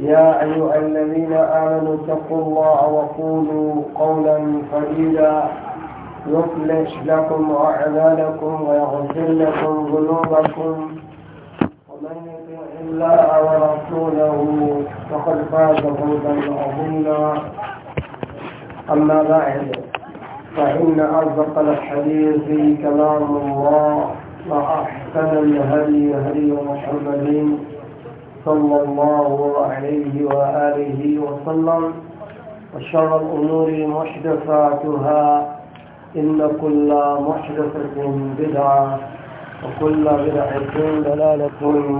يا أيها الذين آمنوا اتقوا الله وقولوا قولا فريدا يصلح لكم أعمالكم ويغفر لكم ذنوبكم ومن يطع الله ورسوله فقد فاز فوزا عظيما أما بعد فإن أصدق الحديث كلام الله وأحسن الهدي هدي محمد صلى الله عليه وآله وسلم وشر الأمور محدثاتها إن كل محدثة بدعة وكل بدعة دلالة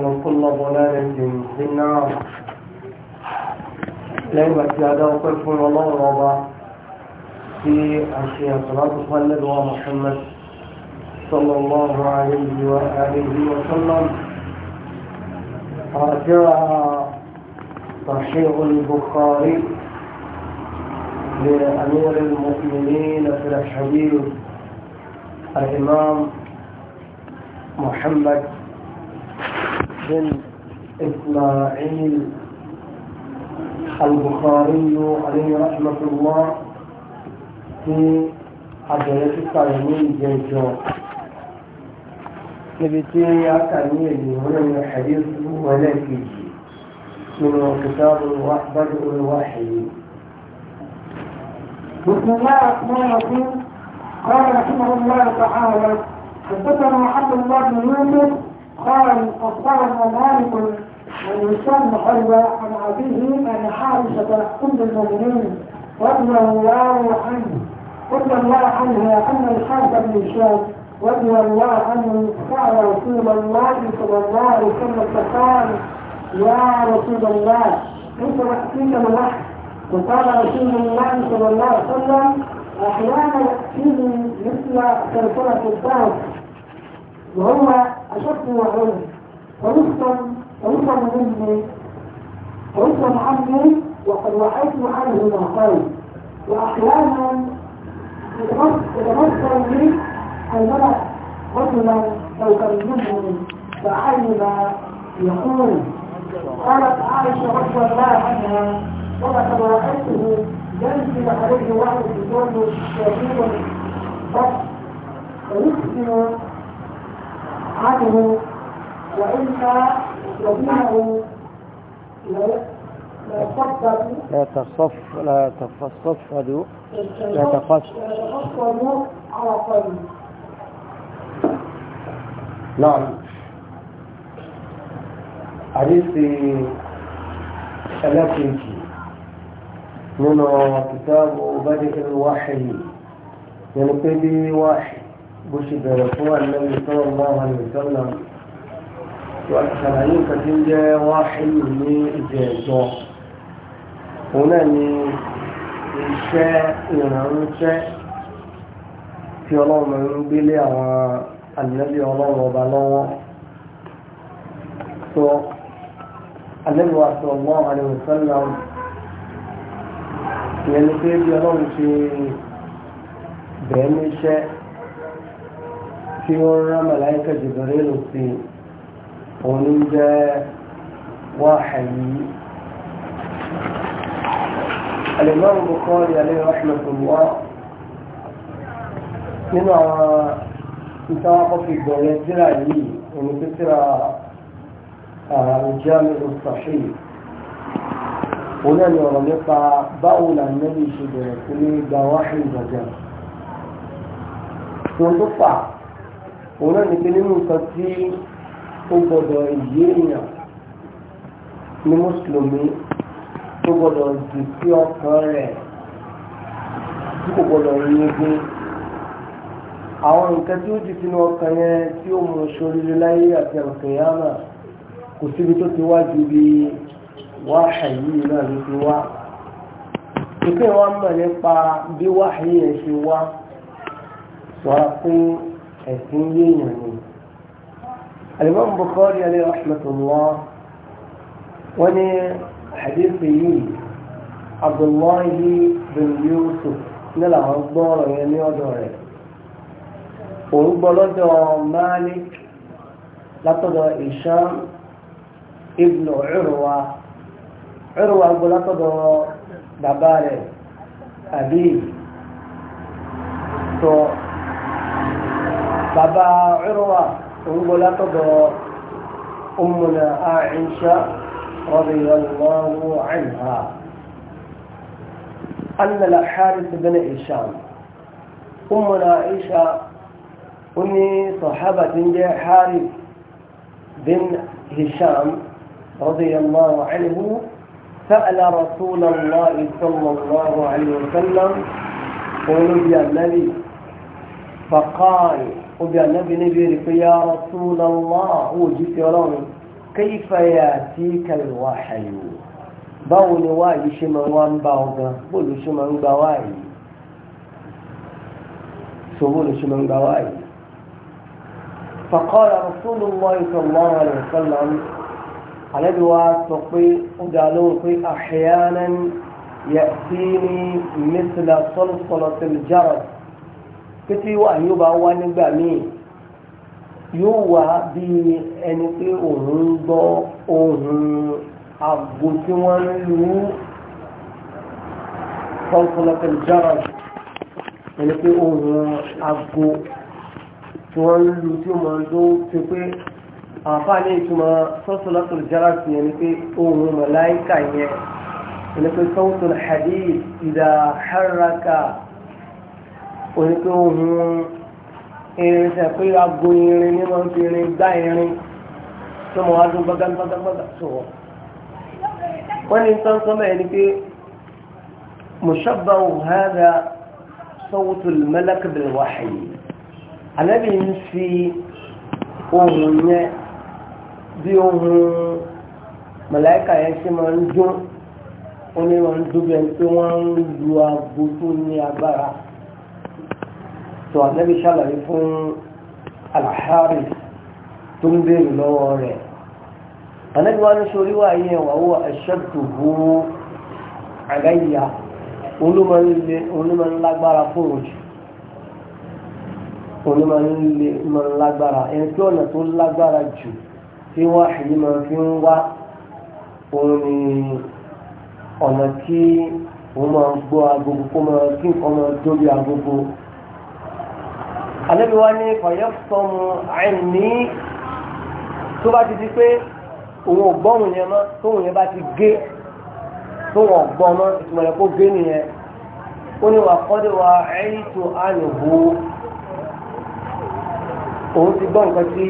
وكل ضلالة في النار لما اتجاد وقف الله رضا في أشياء صلاة محمد ومحمد صلى الله عليه وآله وسلم رجع صحيح البخاري لأمير المؤمنين في الحديث الإمام محمد بن إسماعيل البخاري عليه رحمة الله في عجلة التعليم جيجور níbi tí a kà ní èdè wọn ní àdéhùn wọn lẹ́ẹ̀kejì بسم الله الرحمن الرحيم قال رحمه الله تعالى حدثنا عبد الله بن يوسف قال اخبرنا مالك عن هشام حلوى عن ابيه ان عائشه ام المؤمنين رضي الله عنه رضي الله عنها ان الحارث بن هشام رضي الله عنه قال رسول الله صلى الله عليه وسلم فقال يا رسول الله كيف يأتيك الوحي وقال رسول الله صلى الله عليه وسلم أحيانا يأتيني مثل سلسلة الدهر وهو أشد وعلم ويفهم ويفهم مني ويفهم عني وقد وعيت عنه ما قال وأحيانا يتمثل لي حينما رجلا لو كلمه فعلم يقول قالت عائشة رضي الله عنها ولقد رأيته ينزل عليه واحد يقول شديد بس ويسكن عنه وإلا يبينه لا تصف لا تصفد لا تقص لا تقصد على قلبه نعم حديث ثلاثين من كتاب بدء الوحي ينقضي واحد بشد رسول النبي صلى الله عليه وسلم وأكثرين كتنجة واحد من إجازة هنا من إشاء ينعنشاء في الله من بلي ànábì ọlọ́run ọba lọ́wọ́ sọ ànábì wa sọ mọ́ àlẹ́wò sọ́nà ìyẹn ni pé bí ọlọ́run ṣe bẹ̀ẹ́ níṣẹ́ tí ó rán màláìkà Jibril lò sí òun ní jẹ́ wáhàyí الإمام البخاري عليه رحمة الله من ìtawà kọfí bẹ̀rẹ̀ tíra yìí òní tó tíra àjámẹ́rù sàṣì òun ẹni ọ̀rọ̀ nípa báwo là ń mẹ́rin ṣe bẹ̀rẹ̀ sí ní gba wáṣí ìgbàjà tó tó fà òun ẹni pé nínú nǹkan tí ó gbọdọ̀ yé èèyàn ní mùsùlùmí tó gbọdọ̀ dì sí ọkàn rẹ̀ tí kò gbọdọ̀ yé gbé àwọn nǹkan tí ó jù sínú ọkàn yẹn tí ó mú ṣoríire láyé àti àlùkìyámà kò síbi tó ti wá ju bí wáhàyí náà ló ti wá ìpín wa mọ̀ nípa bí wáhàyí yẹn ṣe wá sọ́ra pé ẹ̀sìn yéèyàn ni Al-Imam Bukhari alayhi rahmatullah wọ́n ní hadithi yìí Abdullahi bin Yusuf nílà wọn gbọ́ ọ̀rọ̀ yẹn ní ọ̀dọ̀ rẹ̀ òun gbọ́ lọ́dọ̀ Malik látọ̀dọ̀ Isham ibn Urwa Urwa gbọ́ látọ̀dọ̀ bàbá rẹ̀ àbí tó bàbá Urwa òun gbọ́ látọ̀dọ̀ Ummuna Aisha radiyallahu anha. أن الحارث بن هشام أمنا عائشة ó ní sọ̀hábà tí ń jẹ́ Harith bin Hisham radiyallahu anhu سأل رسول الله صلى الله عليه وسلم قولوا يا النبي فقال قل يا النبي نبيك يا رسول الله وجيت يرون كيف يأتيك الوحي báwo ni wáyé ṣe máa wá ń bá ọgán bóòlù ṣe máa ń gba wáyé so bóòlù ṣe máa ń gba wáyé فقال رسول الله صلى الله عليه وسلم على دعاء تقي في أحيانا يأتيني مثل صلصلة الجرد كتي وأيوب أوان بامي yóò wá bí ẹni pé òun ń gbọ́ ohun àgbo tí wọ́n ń lu صلصلة الجرد ẹni pé ohun àgbo tí wọ́n ń lu tí wọ́n ń dún ti pé àǹfààní ìtumọ̀ sọ́sọ́lọ́tò jẹ́rọ̀tì yẹn ni pé ohun mọ̀láìkà yẹn ni pé sọ́wọ́tò hadith ìdá haraka òní pé ohun irin sẹ pé aago irin ní wọ́n fi irin gbá irin tí wọ́n wá dún gbágbágbágbágbá sọ̀rọ̀ wọ́n ní sọ́nsọ́ mẹ́rin ni pé mushabbahu hadha sọ́wọ́tò mẹ́lẹ́kẹ̀bẹ̀rẹ̀ wáhàyè. ànábì ń fi ohun yẹn bí ohun màláìkà yẹn ṣe máa ń dún ó ní wọn ń dún bí ẹni pé wọ́n ń lu aago tó ní agbára tó ànábì ṣàlàyé fún alahari tó ń béèrè lọ́wọ́ rẹ̀ ànábì wọn ní sori yẹn wà wọ ẹ̀ṣẹ́ tó hó àgáyà olúmọ̀ ńlágbára fún òjò òun ló máa ń lè máa ń lágbára ẹni tí ọ̀nà tó lágbára jù tí wọ́n àṣìyí máa fi ń wá òun ni ọ̀nà tí òun máa ń gbọ́ agogo kó máa kí nǹkan máa dóbi agogo. àlejò wa ní kọ̀yẹ́ sọmù àìní tó bá ti di pé òun ò gbọ́hùn yẹn mọ́ tóun yẹn bá ti gé tóun ọ̀gbọ́n mọ́ ìtumọ̀ yẹn kó gé nìyẹn ó ní wà kọ́dé wa ẹ̀yìn tó àyìnbó òun ti gbọ́ nǹkan tí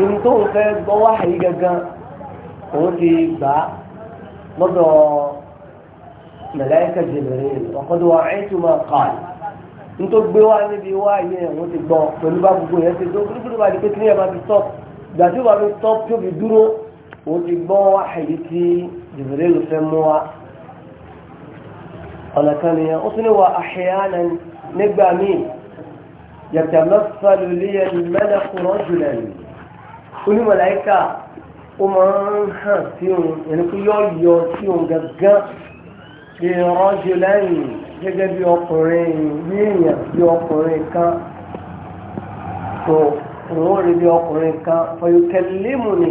ibi tó ń fẹ́ gbọ́ wá yìí gangan òun ti gbà á lọ́dọ̀ mẹ̀láìkà Jibril ọ̀kọ́dọ̀ wa ẹ̀ tó máa kà á ní tó gbé wá níbi wá yìí òun ti gbọ́ pẹ̀lú bá gbogbo yẹn ti tó gbogbo bá di pé kíní ẹ̀ máa tọ́ gbà tí ó bá fi tọ́ tí fi dúró òun ti gbọ́ wá yìí tí Jibril fẹ́ mú wa ọ̀nà kan nìyẹn ó tún ní wa àṣeyàn nígbà míì yàtàmọ́sálù lẹ́yẹ mẹ́lẹ́kùn rọ́jùlẹ̀ ni onímọ̀láyíkà ó máa ń hàn sí òun ẹni pé yọ yọ sí òun gángan bí rọ́jùlẹ̀ ni gẹ́gẹ́ bí ọkùnrin ní èèyàn bí ọkùnrin kan tó òun rí bí ọkùnrin kan fọyọkẹlẹ́mù ni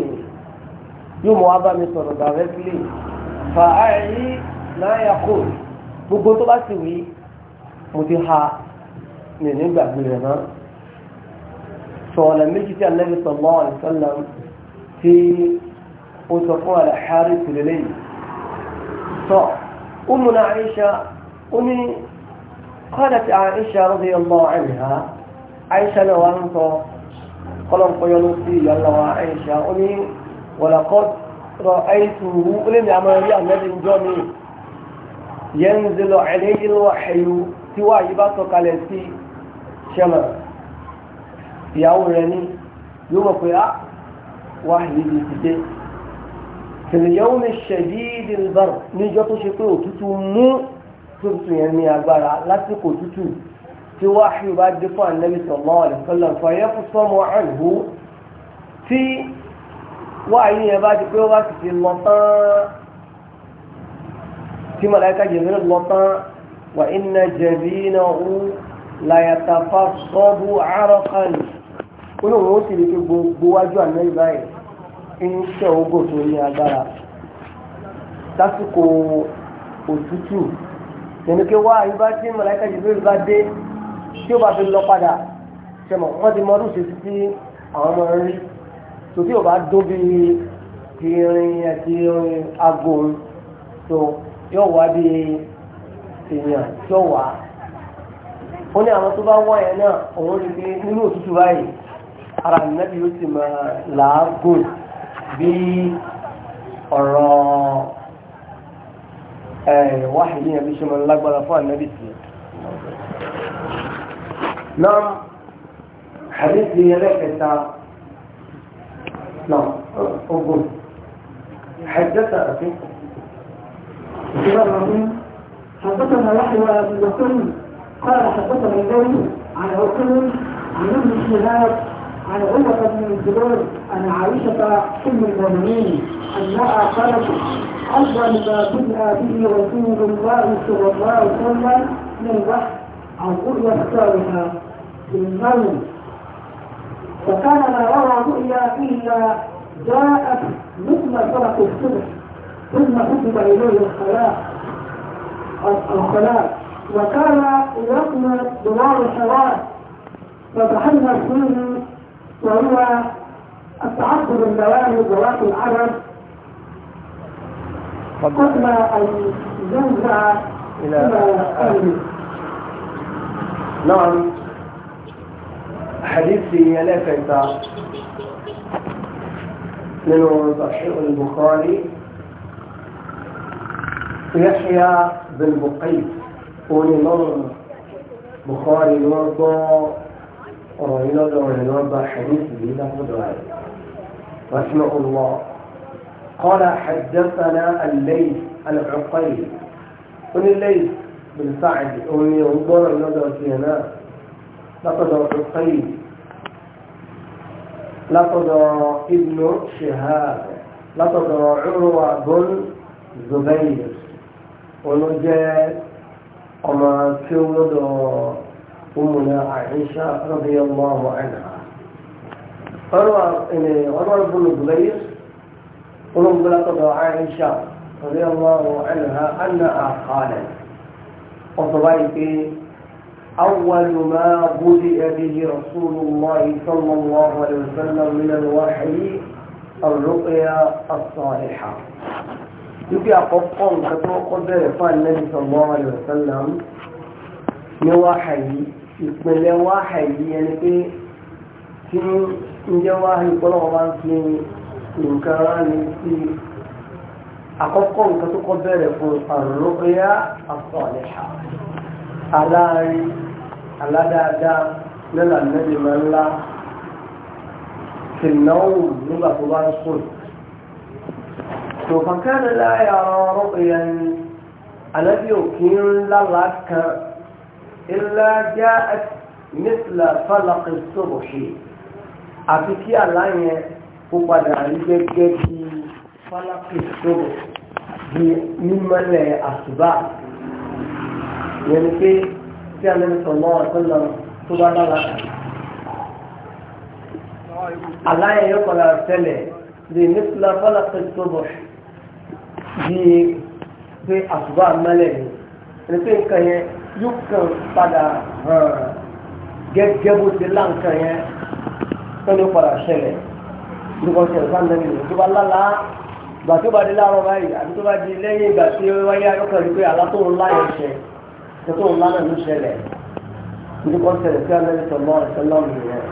yóò mọ abá mi sọ̀rọ̀ directly fàáyí náà yà kó gbogbo tó bá ti wí mo ti ha mi nígbàgbé rẹ̀ náà sọ̀rọ̀ méjì tí Ànábì sallallahu alaihi wasallam tí ó sọ fún àlàáhárí tìrẹ̀lẹ̀ yìí sọ Ummuna Aisha ó ní qalat Aisha radiyallahu anha Aisha náà wà ń sọ kọ́lọ̀n kọ́yọ́ ló sí ìyàlọ́wọ́ Aisha ó ní walaqad ra'aytuhu ó lè ní ṣẹlẹ̀ ìyàwó rẹ̀ ní yóò mọ̀ pé á ah, wá ìdí ìdíje tìlìyàwó mi ṣẹ̀dí ìdìlbàrù níjọ́ tó ṣe pé òtútù mú tuntun yẹn ní agbára lásìkò òtútù tí wáhíù bá dé fún ànábì sallallahu alaihi wasallam fàyẹ́ fún sọ́mọ àìhù tí wáhíù yẹn bá di pé ó bá sì ti lọ tán tí màláíkà jẹ̀mí lọ tán wà inna jẹ̀bí náà ó láyàtàfà sọ́bù àárọ̀kan olóòwò sì lè fi gbogbo wájú ànáyì báyìí ń ṣe ògbò tó ní agbára lásìkò òtútù tẹ̀lékè wá àyíbá tí mọ̀láìkà jìbìrì bá dé tí ó bá fi lọ padà ṣẹmọ̀ wọ́n ti mọ ọdún ṣe títí àwọn ọmọ rí tó tí ò bá dún bí irin àti irin aago tó yóò wá bí èèyàn tó wàá wọ́n ní àwọn tó bá wọ́ yẹn náà òun rí pé nínú òtútù báyìí ara nẹ́bí ó sì máa làágùn bí ọ̀rọ̀ wáhìí yẹn bí ṣe máa lágbára fún ànẹ́bí sí i. náà حدثنا نحو أبي بكر قال حدثني الليل عن عقول عن ابن شهاب عن عروة بن الزبير عن عائشة أم المؤمنين أنها قالت أول ما بدأ به رسول الله صلى الله عليه وسلم من بحث عن رؤيا اختارها في النوم فكان ما روى رؤيا إلا جاءت مثل فرق الصبح ثم كتب إليه الخلاء الخلاء وكان يقضي دمار الحوار وتحدث فيه وهو التعصب الدوام ذوات العرب قبل أن ينزع إلى أهله نعم حديثي يا لافت منه صحيح البخاري يحيى بن بقيس orí lọ́rùn Bukhari ni wọ́n gbọ́ ọ̀rọ̀ yìí lọ́dọ̀ rẹ̀ ni wọ́n gba hadith yìí lọ́dọ̀ rẹ̀ رحمه الله قال حدثنا الليث العقيل قل الليث بن سعد أمي انظر النظر فينا لقد عقيل لقد ابن شهاب لقد عروة بن زبير ونجد ọmọ tí ó mọ́dọ̀ ọmọdé Àìṣà radiyallahu anha ọ̀rọ̀ ìbúlùbùlẹ́yẹ ọlọ́gbọ́lá tọ́dọ̀ Àìṣà radiyallahu anha anna àkàlẹ̀ ọ̀tọ̀ báyìí pé أول ما بدأ به رسول الله صلى الله عليه وسلم من الوحي الرؤيا الصالحة níbi àkọ́kọ́ nǹkan tó kọ́ bẹ̀rẹ̀ fún ànábì sallallahu alaihi wasallam ní wáhàyí ìpínlẹ̀ wáhàyí ẹni pé tí ń jẹ́ wáhàyí pọ́lọ́wọ́ bá ń fi nǹkan rání sí àkọ́kọ́ nǹkan tó kọ́ bẹ̀rẹ̀ fún àrùrọ́kọ́yá àfọ̀lẹ́hà aláàárín aládáadáa lọ́la nẹ́bì máa tó fàkánà láyà ọ̀rọ̀ ìyẹn anábì òkè ńláńlá kan ńlá já mísìlá fàlàkì sọ̀bọ̀ṣe àfi kí àlá yẹn kó padà rí gẹ́gẹ́ bí fàlàkì sọ̀bọ̀ bí mímọ́lẹ̀ àṣùbà yẹn ni pé tí a lẹ́nu sọ̀rọ̀ ọ̀sánlọ tó bá dára aláyẹ̀ yóò padà tẹ́lẹ̀ bí mísìlá fàlàkì sọ̀bọ̀ṣe bíi pé àtúbà mẹ́lẹ̀ ni ẹni pé nǹkan yẹn yóò kàn padà hàn gẹ́gẹ́ bó ti lá nǹkan yẹn tó ní padà ṣẹlẹ̀ nígbà tí ẹ̀sán náà nìyẹn tó bá lálá ìgbà tó bá di láàárọ̀ báyìí àti tó bá di lẹ́yìn ìgbà tí ó wáyé ayọ́kàn rí pé àlá tó ń lá yẹn ṣẹ ṣe tó ń lá náà ló ṣẹlẹ̀ nígbà tí ẹ̀sán náà nìyẹn lọ́wọ́ ẹ̀sán náà nìyẹn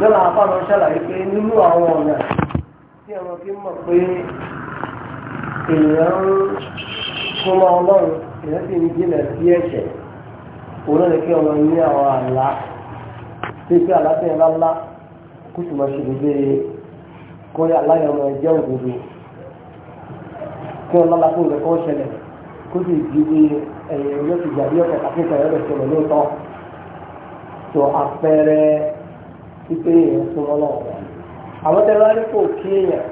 lọ́la apá náà ṣàlàyé pé nínú àwọn ọ̀nà tí ẹ̀rọ fi mọ̀ pé èèyàn ń súnmọ́ ọlọ́run èèyàn sì ń jìnà sí ẹ̀ṣẹ̀ òun náà kí ọmọ ní àwọn àlá tí pé àlá tí kó sì máa ṣe dédé kó yà láyọ̀ ọmọ ẹ̀jẹ̀ òdodo kí wọn lọ́la fún ìrẹ́kọ́ ṣẹlẹ̀ kó sì di bí ẹ̀yìn ẹ̀yọ́ ti gbàgbé ọ̀kẹ́ kàkíkà ẹ̀rọ ṣẹlẹ̀ lóòótọ́ tó àpẹẹrẹ pípé èèyàn súnmọ́ náà àwọn tẹ́lẹ̀ wá ní kò kí èèyàn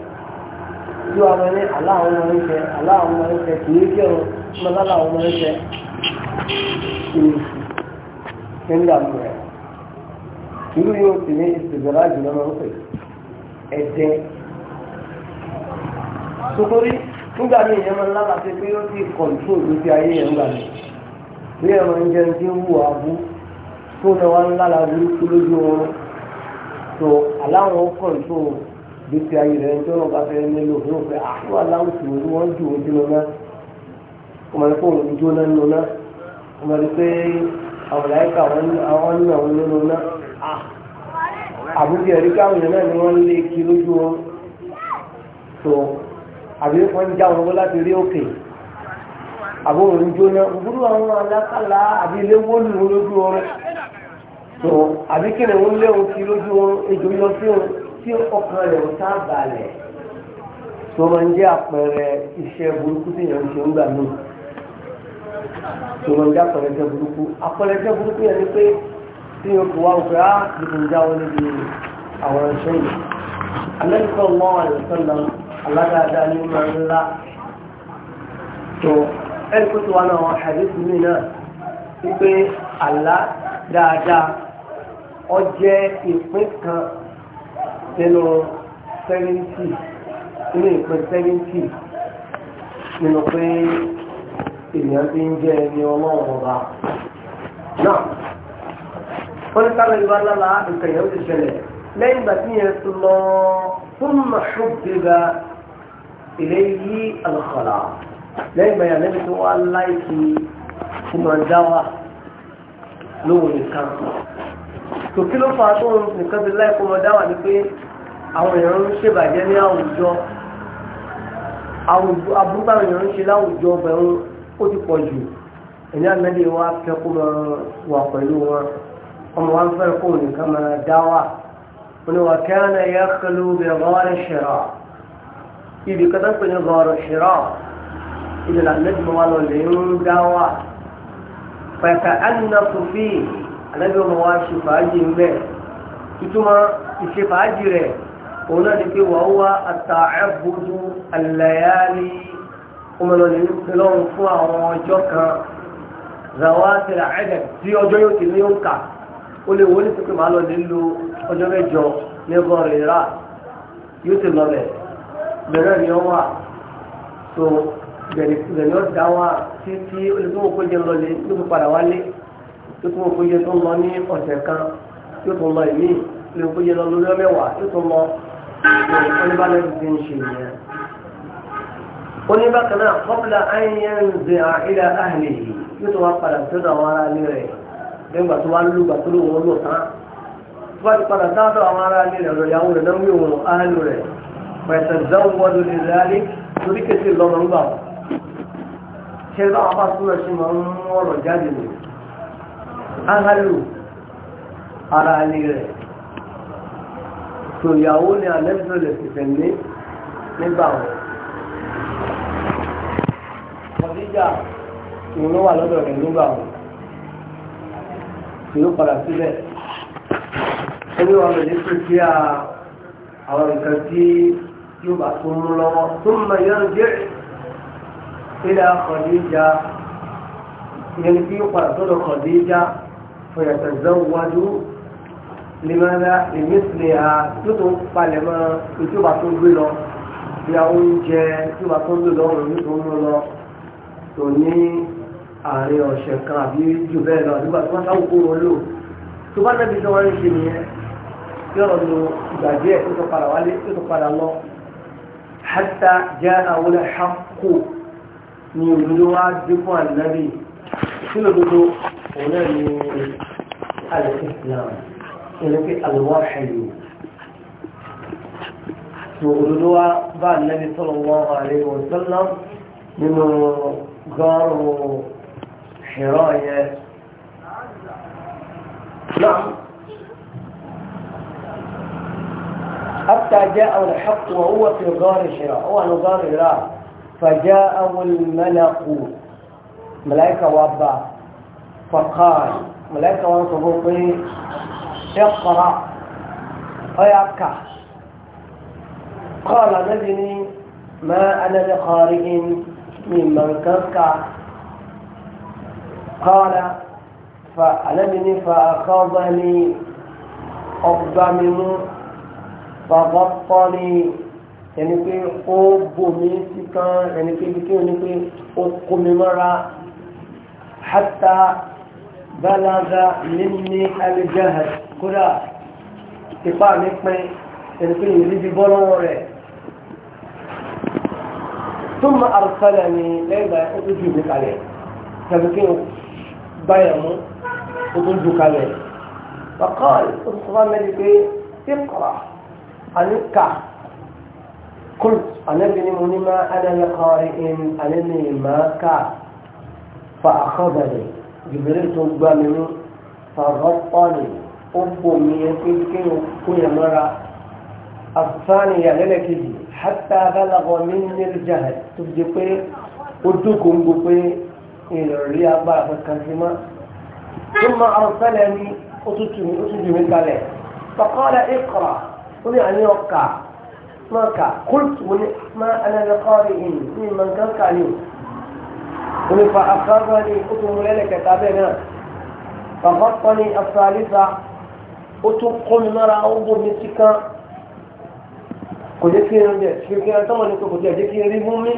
tí wàá lọ ní aláwọn ọmọ ń tẹ aláwọn ọmọ ń tẹ kìí kẹrù mọ́tà láwọn ọmọ ń tẹ kìí kí ń dààmú rẹ̀ irú yóò sì ní ìsìnkúra jùlọ máa ń pè ẹ̀jẹ̀ sotori nígbà míì yẹn gbèsè ayé rẹ̀ tí wọ́n bá fẹ́ nílò fún òfin àwọn aláwùsù ni wọ́n jù ó dínú náà wọ́n máa ní kó òun jóná nínú náà wọ́n máa ní pé àwọn láyíká àwọn nínú ah, àwọn nínú náà àbúkẹ́ ẹ̀rí káwọn èèyàn náà ni wọ́n lé kí lójú wọn tó àbí wọ́n ń já wọn láti rí òkè àbúrò ń jóná gbúrú àwọn alákàlà àbí ilé wọ́n lójú wọn tó àbí kí ni wọ́n lé òun lójú wọn èjò yọ sí òun tí ọkàn rẹ̀ ò tá balẹ̀ tó máa ń jẹ́ àpẹẹrẹ iṣẹ́ burúkú tí èèyàn ń ṣe ń gbà mí tó máa ń jẹ́ àpẹẹrẹ iṣẹ́ burúkú àpẹẹrẹ iṣẹ́ burúkú yẹn ni pé tí o kò wá òkè á dìbò ń jáwọ́ níbi àwọn iṣẹ́ yìí alẹ́kọ̀ọ́ mọ́ àyẹ̀sọ́nà aládáadáa ní máa ń lá tó ẹni kó tó wà náà wọn àdéhùn náà wípé àlá dáadáa ó jẹ́ ìpín kan nínú sẹ́yìntì nínú ìpín sẹ́yìntì nínú pé èèyàn ti ń jẹ́ ẹni ọlọ́run ọba náà wọ́n ní sábẹ́ ìwà lára nǹkan yẹn ó ti ṣẹlẹ̀ lẹ́yìn ìgbà tí yẹn ti lọ fún màṣúbìgà ilé yí àlùkọ̀là lẹ́yìn ìgbà yẹn lẹ́bi tí wọ́n á láìsí kùmọ̀dáwà lóhùn nìkan tòkí ló fà á tó nìkan ti láì kùmọ̀dáwà ni pé àwọn èèyàn ń ṣèbàjẹ́ ní àwùjọ àbúrúkú àwọn èèyàn ń ṣe láwùjọ bẹ̀rù ó ti pọ̀ jù ẹ̀yìn àmẹ́lì wa fẹ́ kó máa wà pẹ̀lú wọn ọmọ wa ń fẹ́ kó nìkan máa dá wà wọn wà kẹ́hánà yẹ kẹlu bí ọgọ́rẹ́ ṣẹ̀rọ ibi kẹta pé ní ọgọ́rẹ́ ṣẹ̀rọ ìdílé àmẹ́lì wa lọ lè ń dá wà pẹ̀ka ẹ̀nà kùfì àlẹ́bí ọmọ wa ṣe fàájì ń bẹ̀ ìtumọ̀ ìṣe fàájì rẹ̀ òun náà ni pé wà ó wá àtàẹ́bùdú àlàyálì ọmọlọ́lẹ̀ ń pè lọ́run fún àwọn ọjọ́ kan ràwátìrà ẹ̀dẹ̀ tí ọjọ́ yóò ti ní ó ń kà ó lè wọlé sí pé màá lọ lè lo ọjọ́ mẹ́jọ ní gọ́ọ̀rẹ́rà yóò ti lọ bẹ̀ bẹ̀rẹ̀ ni ó wà tó bẹ̀rẹ̀ ni ó dá wà títí olùkọ́ òkú jẹ́ lọ lè ló fi padà wálé tó kún òkú jẹ́ tó lọ ní ọ̀sẹ̀ kan yóò tó lọ ìmí olùkọ́ jẹ́ lọ lórí ọmẹwàá yóò tó lọ oníbàlẹ̀ ti ń ṣe yẹn oníbàkan náà kọ́pìlà ayẹyẹn ń zẹ àìlà àhìlẹ̀ yìí yóò tó wá padà sọ́dọ̀ àwọn ará ilé rẹ̀ nígbà tó wá lù gbà tó lóun lò tán tó bá ti padà sọ́dọ̀ àwọn ará ilé rẹ̀ lọ ìyàwó rẹ̀ náà wí òun áhàlù rẹ̀ pẹ̀sẹ̀ záwọn wọ́n lórí ìlàlẹ́ torí kẹsì lọ́mọ ń gbà wọ́n ṣe bá bá súnmọ́ ṣe máa ń mú ọ̀rọ̀ jáde nù áhàlù ara ilé rẹ̀ tó ìyàwó ni àlẹ́sọ̀ lè fi tẹ̀lé nígbà wọn. Kọ̀díjà òun ló wà lọ́dọ̀ rẹ̀ nígbà wọn. Kì í padà síbẹ̀. Ẹni wọn lè fi sí àwọn nǹkan tí yóò bá tún mú lọ́wọ́. Tó mọ ìyọ́nù jẹ́ ilẹ̀ Kọ̀díjà. Ìyẹn ni kí ó padà sọ́dọ̀ Kọ̀díjà fọ̀yàtọ̀ zẹ́wọ́dú lèmọ́lá ìmísìlẹ̀ à tó tó ń palẹ̀ mọ́ ìtúbà tó gbé lọ bí a oúnjẹ ìtúbà tó gbé lọ òun tó ń wọn ṣe nìyẹn tí lo ìgbà díẹ̀ tó tó padà wálé tó tó padà lọ hátà jẹ́ àwọn ẹ̀hákò ni òdodo wá dé fún àdínábì kí lòdodo òun náà ni alẹ́ islam. ìrìn pé àlùwà بعد النبي صلى الله عليه وسلم من wọn حراية نعم حتى جاءه الحق وهو في غار شراء هو عن غار شراء فجاءه الملك ملائكة وابا فقال ملائكة وابا يقرا ويركع قال نجني ما انا بخارج ممن تركع قال فعلمني فاخذني اقدمه فبطني يعني في قوب ميسكا يعني في بكي يعني في قوب مرة حتى بلغ مني الجهل kódà ipá mi pín ẹni pé ìlú bí bọ́ lọ́wọ́ rẹ̀ tó mọ àrùsálẹ̀ ni lẹ́yìn ìgbà ó tún ju mi kalẹ̀ tàbí kí n báyà mú ó tún ju kalẹ̀ bàkọ́ọ̀lì ó tún sọ́wọ́ mẹ́rin pé ìkọ̀rà àníkà قلت النبي منما أنا لقارئ أنني ما كع فأخذني جبريل تبامني فغطني ó fò mí yẹn pé kéèyàn kóyàn mọ́ra àfáàní ìyàlẹ́lẹ́kejì hátà abálàbọ̀ mí nílùú jàǹdà tó fi jẹ pé ó dúkòó ń gbó pé ìrọ̀rí agbára kankan sí mọ́ tó máa ọ̀fẹ́lẹ̀ ní ó tún jù mí kalẹ̀ فقال اقرأ قل يعني يوقع ما كع قلت ما أنا بقارئ ممن كان كعني قل فأخذني قطب ليلة كتابنا فغطني الثالثة ó tún kọ́ mi lára ó bò mí sí kan kò jẹ́ kí n jẹ́ kí n tọ́wọ́ ní kò jẹ́ kí n rí mú mi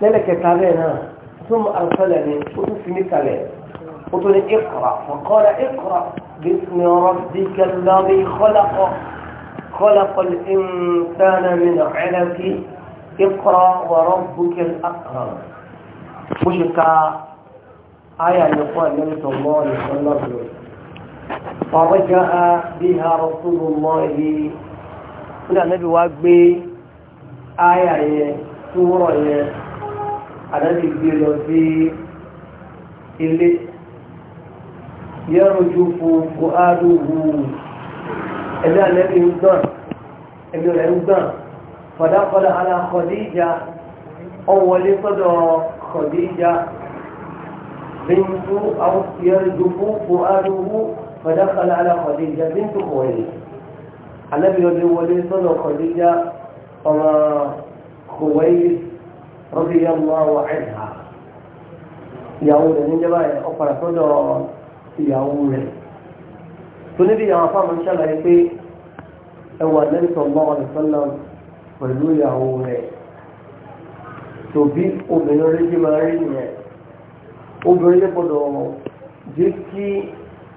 lẹ́lẹ̀ kẹta bẹ́ẹ̀ náà tó mọ àlùfẹ́lẹ̀ ni ó tún fi mí kalẹ̀ ó tún ní ìkọ̀rà fọ̀kọ́lá ìkọ̀rà bísí ọ̀rọ̀ bí kẹlẹ́rì kọ́lákọ́ kọ́lákọ́ ìmùsánà mi nà ẹ̀lẹ́kì ìkọ̀rà wọ̀rọ̀ bukẹ́ àkàrà bó ṣe ka ayà ní fún àlẹ́ ìtọ̀gbọ́n ìfọ́nlọ́bìnrin فرجع بها رسول الله قلنا النبي واقبي آية سورة النبي بيلو في اللي يرجف فؤاده إذا النبي يمدن إنه يمدن فدخل على خديجة أول صدر خديجة بنت أو يرجف فؤاده فدخل على خديجة بنت خويلد النبي رضي الله عنه خديجة وما خويلد رضي الله عنها ìyàwó rẹ̀ níjọba ẹ̀ ọ̀pàdà sọ́dọ̀ ìyàwó rẹ̀ tó níbi àwọn afáàmù ń ṣàlàyé pé ẹwà lẹ́nìtọ̀ mọ́ ọ̀dẹ̀sọ́nà pẹ̀lú ìyàwó rẹ̀ tó bí obìnrin orí máa rí nìyẹn obìnrin lè gbọdọ̀ jẹ́ kí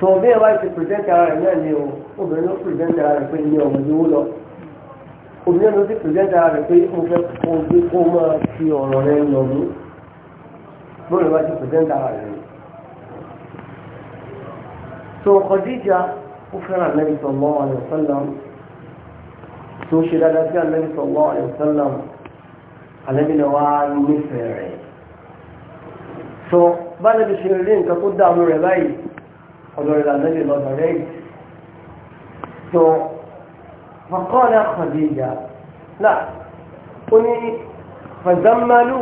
tó bí ẹ bá ti pèsèntì ara rẹ̀ náà ni o obìnrin ló pèsèntì ara rẹ̀ pé ilé ọmọ yìí ó lọ obìnrin ló ti pèsèntì ara rẹ̀ pé mo fẹ́ kó o gbé kó máa fi ọ̀rọ̀ rẹ̀ lọ mú bóyá bá ti pèsèntì ara rẹ̀ tó Khadija ó fẹ́ràn Ànábì sallallahu alaihi wasallam tó ṣe dáadáa sí Ànábì sallallahu alaihi wasallam Ànábì náà wá nífẹ̀ẹ́ rẹ̀ sọ bá lẹ́bi ṣe rí nǹkan tó dààmú rẹ̀ báyìí ọ̀dọ̀ ìlànàbì lọ́dọ̀ rẹ̀ tó fọ́kọ́lá Khadija náà ó ní fàzánmálù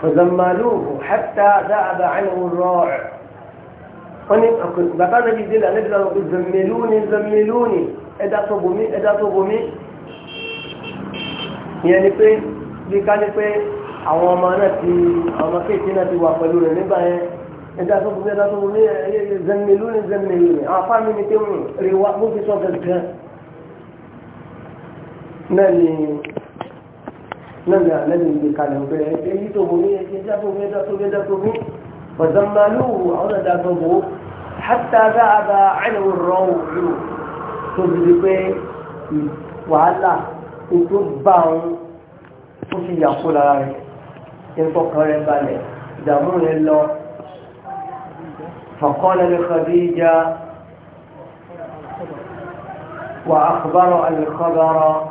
fàzánmálù hátà dáàbà àìwò rọ́ọ̀rẹ̀ ó ní bàbá náà jíde ìlànàbì lọ́dọ̀ pé zammiluni zammiluni ẹ̀dá tó bomi ẹ̀dá tó bomi ìyẹn ni pé bí ká ní pé àwọn ọmọ náà ti ọmọ kéèké náà ti wà pẹ̀lú rẹ̀ nígbà yẹn ẹ̀dá tó fún mi ẹ̀dá tó fún mi zẹ̀mìlú ni zẹ̀mìlú ni àwọn afáàmì ni pé rè wá bó fi sọ gẹ̀gẹ́ náà ni náà ni alẹ́ mi gbé kalẹ̀ pé èyí tó fún mi ẹ̀dá tó fún mi ẹ̀dá tó fún mi ẹ̀dá tó fún mi ọ̀dọ́mọlú àwọn ẹ̀dá tó fún mi hátà bá a bá àìlèwò rọ̀ òwúrò tó fi di pé wàhálà ètò bá òun ó fi yà kó lára rẹ̀ ẹ̀kọ́ kan rẹ̀ balẹ̀ ìdààmú rẹ̀ lọ. فقال لخديجة وأخبر الخبر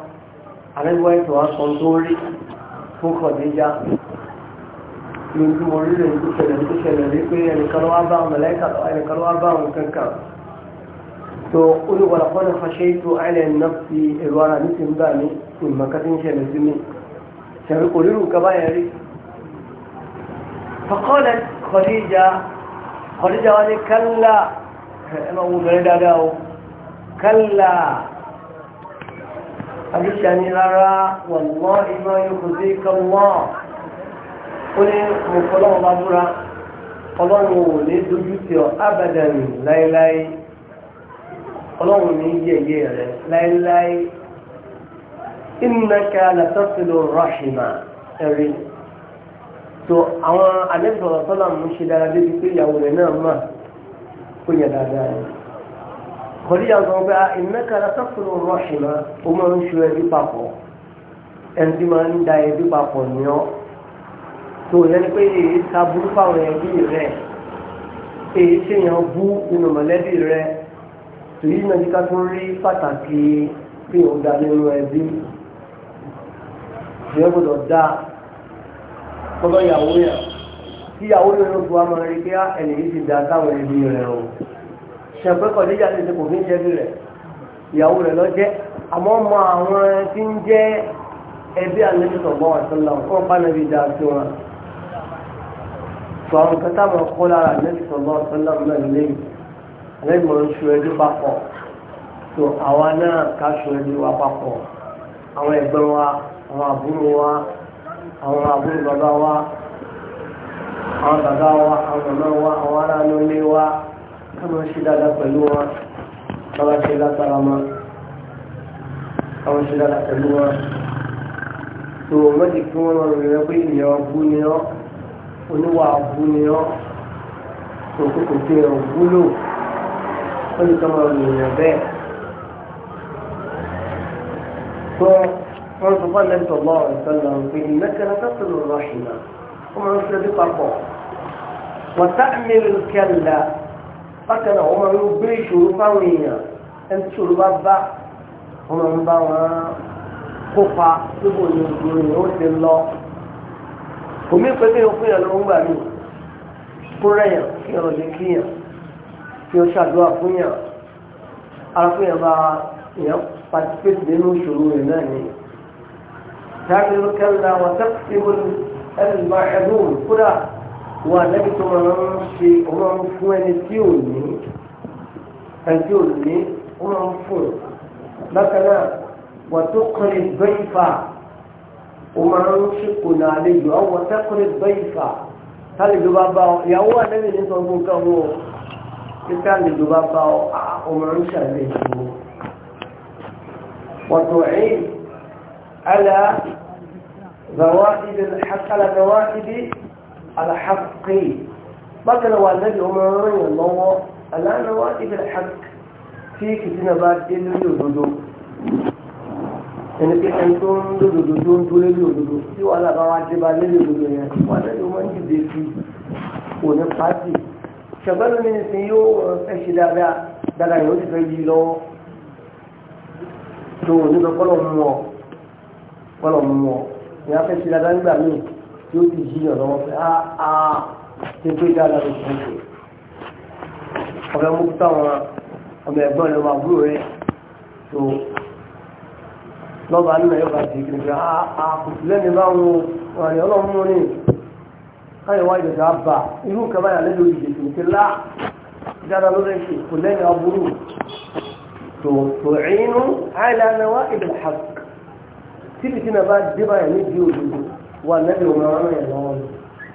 على الوقت والصندوري فخديجة من جمهوري لنتشل انتشل لكي ينكروا أربع ملائكة ينكروا أربع مكنكر تقول ولقد خشيت على النفس الورى نسم باني مما كتن شمزمي شبه قلوا كبايري فقالت خديجة Khadija wá ní kálá ẹmọ obìnrin dáadáa o kálá àbíṣà ní rárá wọ̀lọ́ ìmọ̀ yóò sí kọmọ́ ó ní mo fọlọ́wọ́ bá búra ọlọ́run ò ní dojú tì ọ́ abadan láéláé ọlọ́run ní yẹ̀yẹ́ rẹ̀ láéláé innaka latasilu rahima ẹ̀rí so àwọn alẹ́sọ̀rọ̀ sọ́là mú ṣe dára débi pé ìyàwó rẹ̀ náà mà kó yẹ dáadáa rẹ̀ kọ́lí yàtọ̀ wọn pé ìmẹ́kàlá sọ́kùnrin ọ̀rọ̀ ṣìnà ó máa ń ṣe ẹbí papọ̀ ẹni tí máa ń da ẹbí papọ̀ ní ọ́ tó yẹ ni pé èyí ta burú fáwọn ẹbí rẹ̀ èyí ṣèyàn bú nínú mọ̀lẹ́bí rẹ̀ tòyí náà jíká tó rí pàtàkì pé òun da nínú ẹbí ìyẹn gbọ́dọ̀ dáa kọ́lọ́ ìyàwó yẹn kí ìyàwó yẹn ló bu amọ̀ rẹ̀ kí ẹnì yìí ti da táwọn ẹbí rẹ̀ o ṣẹ̀pẹ́ kọ̀díjà ti ṣe kò fi ń jẹ́ bí rẹ̀ ìyàwó rẹ̀ lọ jẹ́ àmọ́ mọ àwọn tí ń jẹ́ ẹbí àlejò bọ́ àtúnlá fún pánàbí da sí wọn tó àwọn kẹta mọ̀ kọ́ lára àlejò bọ́ àtúnlá náà ká ṣu ẹbí wa papọ̀ àwọn ẹgbẹ́ wa àwọn àbúrò wa àwọn àbúrò bàbá wa àwọn bàbá wa àwọn màmá wa àwọn ará lólé wa káwọn ṣe dáadáa pẹ̀lú wa káwọn ṣe látara ma káwọn ṣe dáadáa pẹ̀lú wa tó mọ́jì kí wọ́n rọrùn rẹ pé ìyẹn ọbú ni ọ́ oníwà ọbú ni ọ́ tó kókò tí ẹ̀ wúlò wọ́n ní ká máa ròyìn bẹ́ẹ̀ wọ́n sọ fún alẹ́ sọ̀lá ọ̀sánlá pé ìnákẹ́ra tásìlò rọ̀ṣìnà wọ́n máa ń fi ẹbí papọ̀ wọ́n tá mìíràn kẹ́lá bákan náà wọ́n máa ń gbé ìṣòro fáwọn èèyàn ẹni tí ìṣòro bá bá wọ́n máa ń bá wọn kópa síbò ní ìgboro yẹn ó ti lọ omi pẹ̀lú òfin yẹn ló ń gbà mí kó rẹ̀yàn kí ọ̀rọ̀ lè kíyàn kí ọ ṣàdúrà fún yàn ara fún yàn bá yàn تعمل الكلا وتكسب المعدوم كلا والنبي ثم نمشي ومن فوين تيوني تيوني ومن فوين مثلا وتقري الضيف ومن شقنا عليه أو وتقري الضيف tálejò bá bá ọ ìyàwó àdẹ́bì ní sọ fún kan wọ́n tí tálejò bá bá على زوائد الحق على زوائد الحق مثلا والذي هم رأي الله على زوائد الحق في كتنبات الوجود ẹni pé ẹni tó ń lòdòdó tó ń tó lórí òdòdó tí wọ́n lábá wá dé bá lórí òdòdó yẹn wọ́n lẹ́yìn wọ́n ń dìde sí òní pàtì ṣẹ̀gbọ́n mi nìsín yóò fẹ́ ṣe dáadáa dáadáa yóò ti fẹ́ yí lọ́wọ́ tó òní lọ́kọ́ lọ́mú ọ kọ́lọ̀ mú ọ ní afẹ́ ti dada nígbà míì tí ó ti yí yàn lọ́wọ́ pé á á ṣe pé dáadáa ló ti ń ṣe ọ̀rẹ́ mú táwọn ọmọ ẹ̀gbọ́n rẹ̀ máa búrò rẹ̀ tó lọ́ba nínú ẹ̀yọ́ bá ti kiri pé á ah, á ah, kò sí lẹ́ni bá wọn wọn ni ọlọ́run mú ní káyọ̀ wá ìdọ̀dọ̀ àbà irú kan báyà lẹ́nu òjijì tó ti lá dáadáa ló rẹ̀ kò lẹ́ni aburú tó tó ẹ̀yinú àìlànà wá ìdọ̀dọ̀ àbà tí bìtì náà bá dé báyìí ní ìdí òdodo wà nẹ́bí òun àwọn èèyàn lọ́wọ́ ni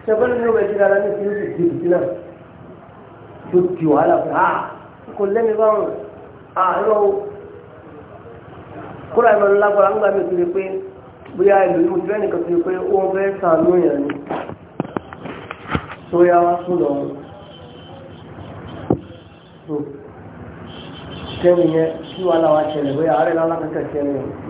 ṣẹ́gbẹ́ni ní ọbẹ̀ jíra ní ìdí òdodo di bìtì náà tó di wàhálà fún ha ah, kò lẹ́mi báwọn ha ah, lọ kúrò àìmọ̀ ńlá kọ́ra ńgbà mi kiri pé bóyá ìlú yìí mo ti rẹ́ nìkan kiri pé ó fẹ́ sànú èèyàn ni sóyá wá sún lọ kẹ́mi yẹn kí wàhálà wa ṣẹlẹ̀ bóyá àárẹ̀ lọ́lá kankan ṣẹlẹ̀ yẹn.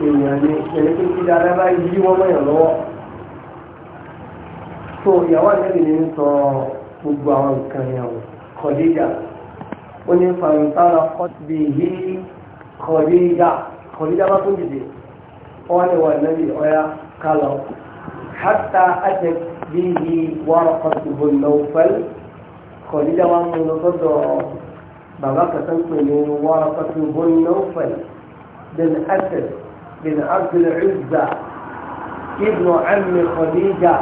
èèyàn ni ẹni tó ti dáadáa bá yí wọ́n mọ̀yàn lọ́wọ́ tó ìyàwó àjẹ́bì ní ń sọ gbogbo àwọn nǹkan ìyàwó kọ̀díjà ó ní fàǹtàrà kọ́tìbì yìí kọ̀díjà kọ̀díjà bá tún dìde wọ́n lè wà lẹ́bi ọ̀yá kálọ̀ hátà àjẹ́ bí i wọ́rọ̀ kọ̀tìbò lọ́fẹ́l kọ̀díjà wà mú lọ sọ́dọ̀ bàbá kẹsàn-án pè ní wọ́rọ̀ kọ̀tìbò lọ́fẹ́l bẹ́ẹ̀ ni بن عبد العزة ابن عم خديجة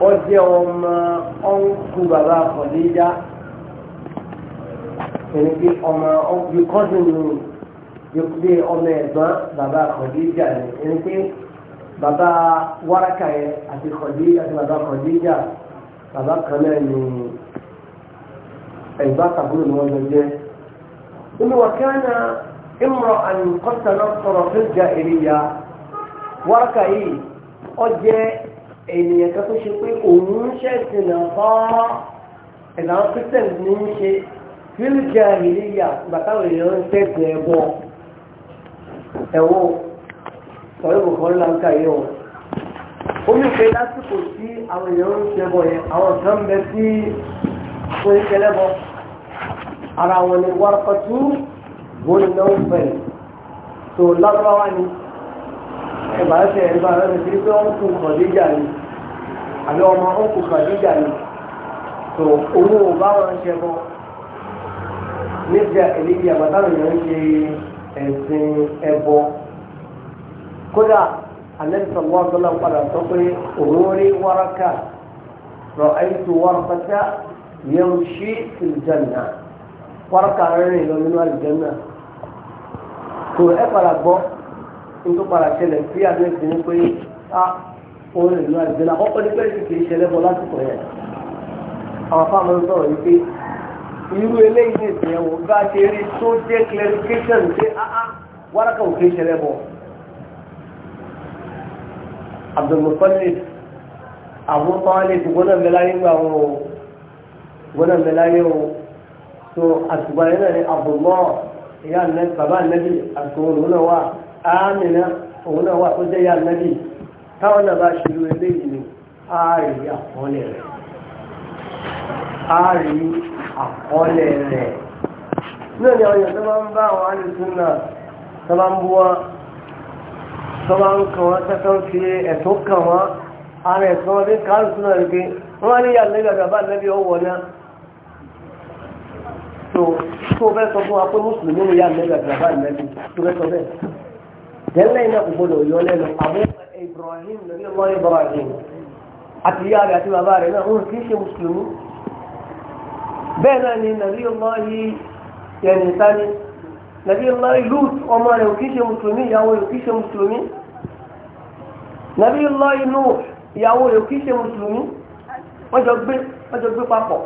ọjẹ́ ọmọ ọ̀nkú bàbá Khadija ẹni pé ọmọ ọ̀nkú kọ́sìnì yókùdé ọmọ ẹ̀gbọ́n bàbá Khadija ni ẹni pé bàbá wáraka yẹn àti Khadija àti bàbá Khadija bàbá kan náà ni ẹ̀gbọ́n àtàkùn ni wọ́n jẹ jẹ́. olùwàkẹ́ náà imra an qad tanasara fil jahiliya waraka yìí ó jẹ́ ènìyàn kan tó ṣe pé òun ń ṣẹ̀sìn náà fọ́ọ́ ìlànà christian ní í ṣe fil jahiliya bàtàwọn èèyàn ń ṣẹ̀sìn ẹ̀bọ ẹ̀wọ̀ sọ̀rọ̀ bùkọ́ ńlá ń kàyé wọn. ó ní pé lásìkò tí àwọn èèyàn ń ṣẹbọ yẹn àwọn kan bẹ sí oníṣẹ́lẹ́bọ ara wọn ni wàrà kan tún bóyá náà ń bẹ̀rẹ̀ tó lágbára ni ẹ̀bà ẹ̀sẹ̀ ẹ̀bà ẹ̀sẹ̀ tí pé wọ́n kú kọ̀díjà ni àbí ọmọ wọn kú kọ̀díjà ni tó owó ò bá wọn ṣe bọ́ níbi èlébi àbátáwọn èèyàn ń ṣe ẹ̀sìn ẹ̀bọ kódà alẹ́sọ̀ wọ́n tó lọ́n padà sọ pé òun rí wáraka rọ̀ àìsù wáraka yẹn ṣí ìjànà wáraka rẹ̀ rìn lọ nínú àlùjànnà tó ẹ padà gbọ́ nítorí padà ṣẹlẹ̀ sí àdéhùn ní pé a òun lè lo àdìgbẹ́ náà ọkọ̀ nípa èsì kì í ṣẹlẹ̀ bọ́ lásìkò yẹn àwọn fáwọn ọmọ sọ̀rọ̀ yìí pé irú eléyìí ní ìsìn ẹ̀wọ̀n bá ṣe rí tó jẹ́ clarification pé áá wárákà ò kì í ṣẹlẹ̀ bọ̀ Abdulmutalib àwọn pàálẹ̀ gbọ́nà mẹ́láyé gbà wọn o gbọ́nà mẹ́láyé o so àtùgbà yẹn náà ni ìyá nẹ́bí bàbá nẹ́bí àsìkò òun náà wà ámìnà òun náà wà tó jẹ́ ìyá nẹ́bí táwọn náà bá ṣe irú eléyìí ni ààrí àkọọ́lẹ̀ rẹ̀ ààrí àkọọ́lẹ̀ rẹ̀ náà ni àwọn èèyàn tó máa ń bá àwọn alìsùn náà tó máa ń bú wọn tó tó tó fẹ́ sọ fún wa pé mùsùlùmí ni yá mẹ́rin àti bàbá ìmẹ́rin tó fẹ́ sọ bẹ́ẹ̀. jẹ́lẹ̀ iná kò gbọdọ̀ yọ lẹ́nu àbú Ibrahim lórí ọmọ Ibrahim àti ìyá rẹ̀ àti bàbá rẹ̀ náà wọn kì í ṣe mùsùlùmí. bẹ́ẹ̀ náà ni nàbí ọmọ yìí yẹn nìta ni nàbí ọmọ Lut ọmọ rẹ̀ kì í ṣe mùsùlùmí ìyàwó rẹ̀ kì í ṣe mùsùlùmí. nàbí ọmọ inú ìyàwó rẹ̀ kì í ṣe mùsùlùmí wọ́n jọ gbé papọ̀.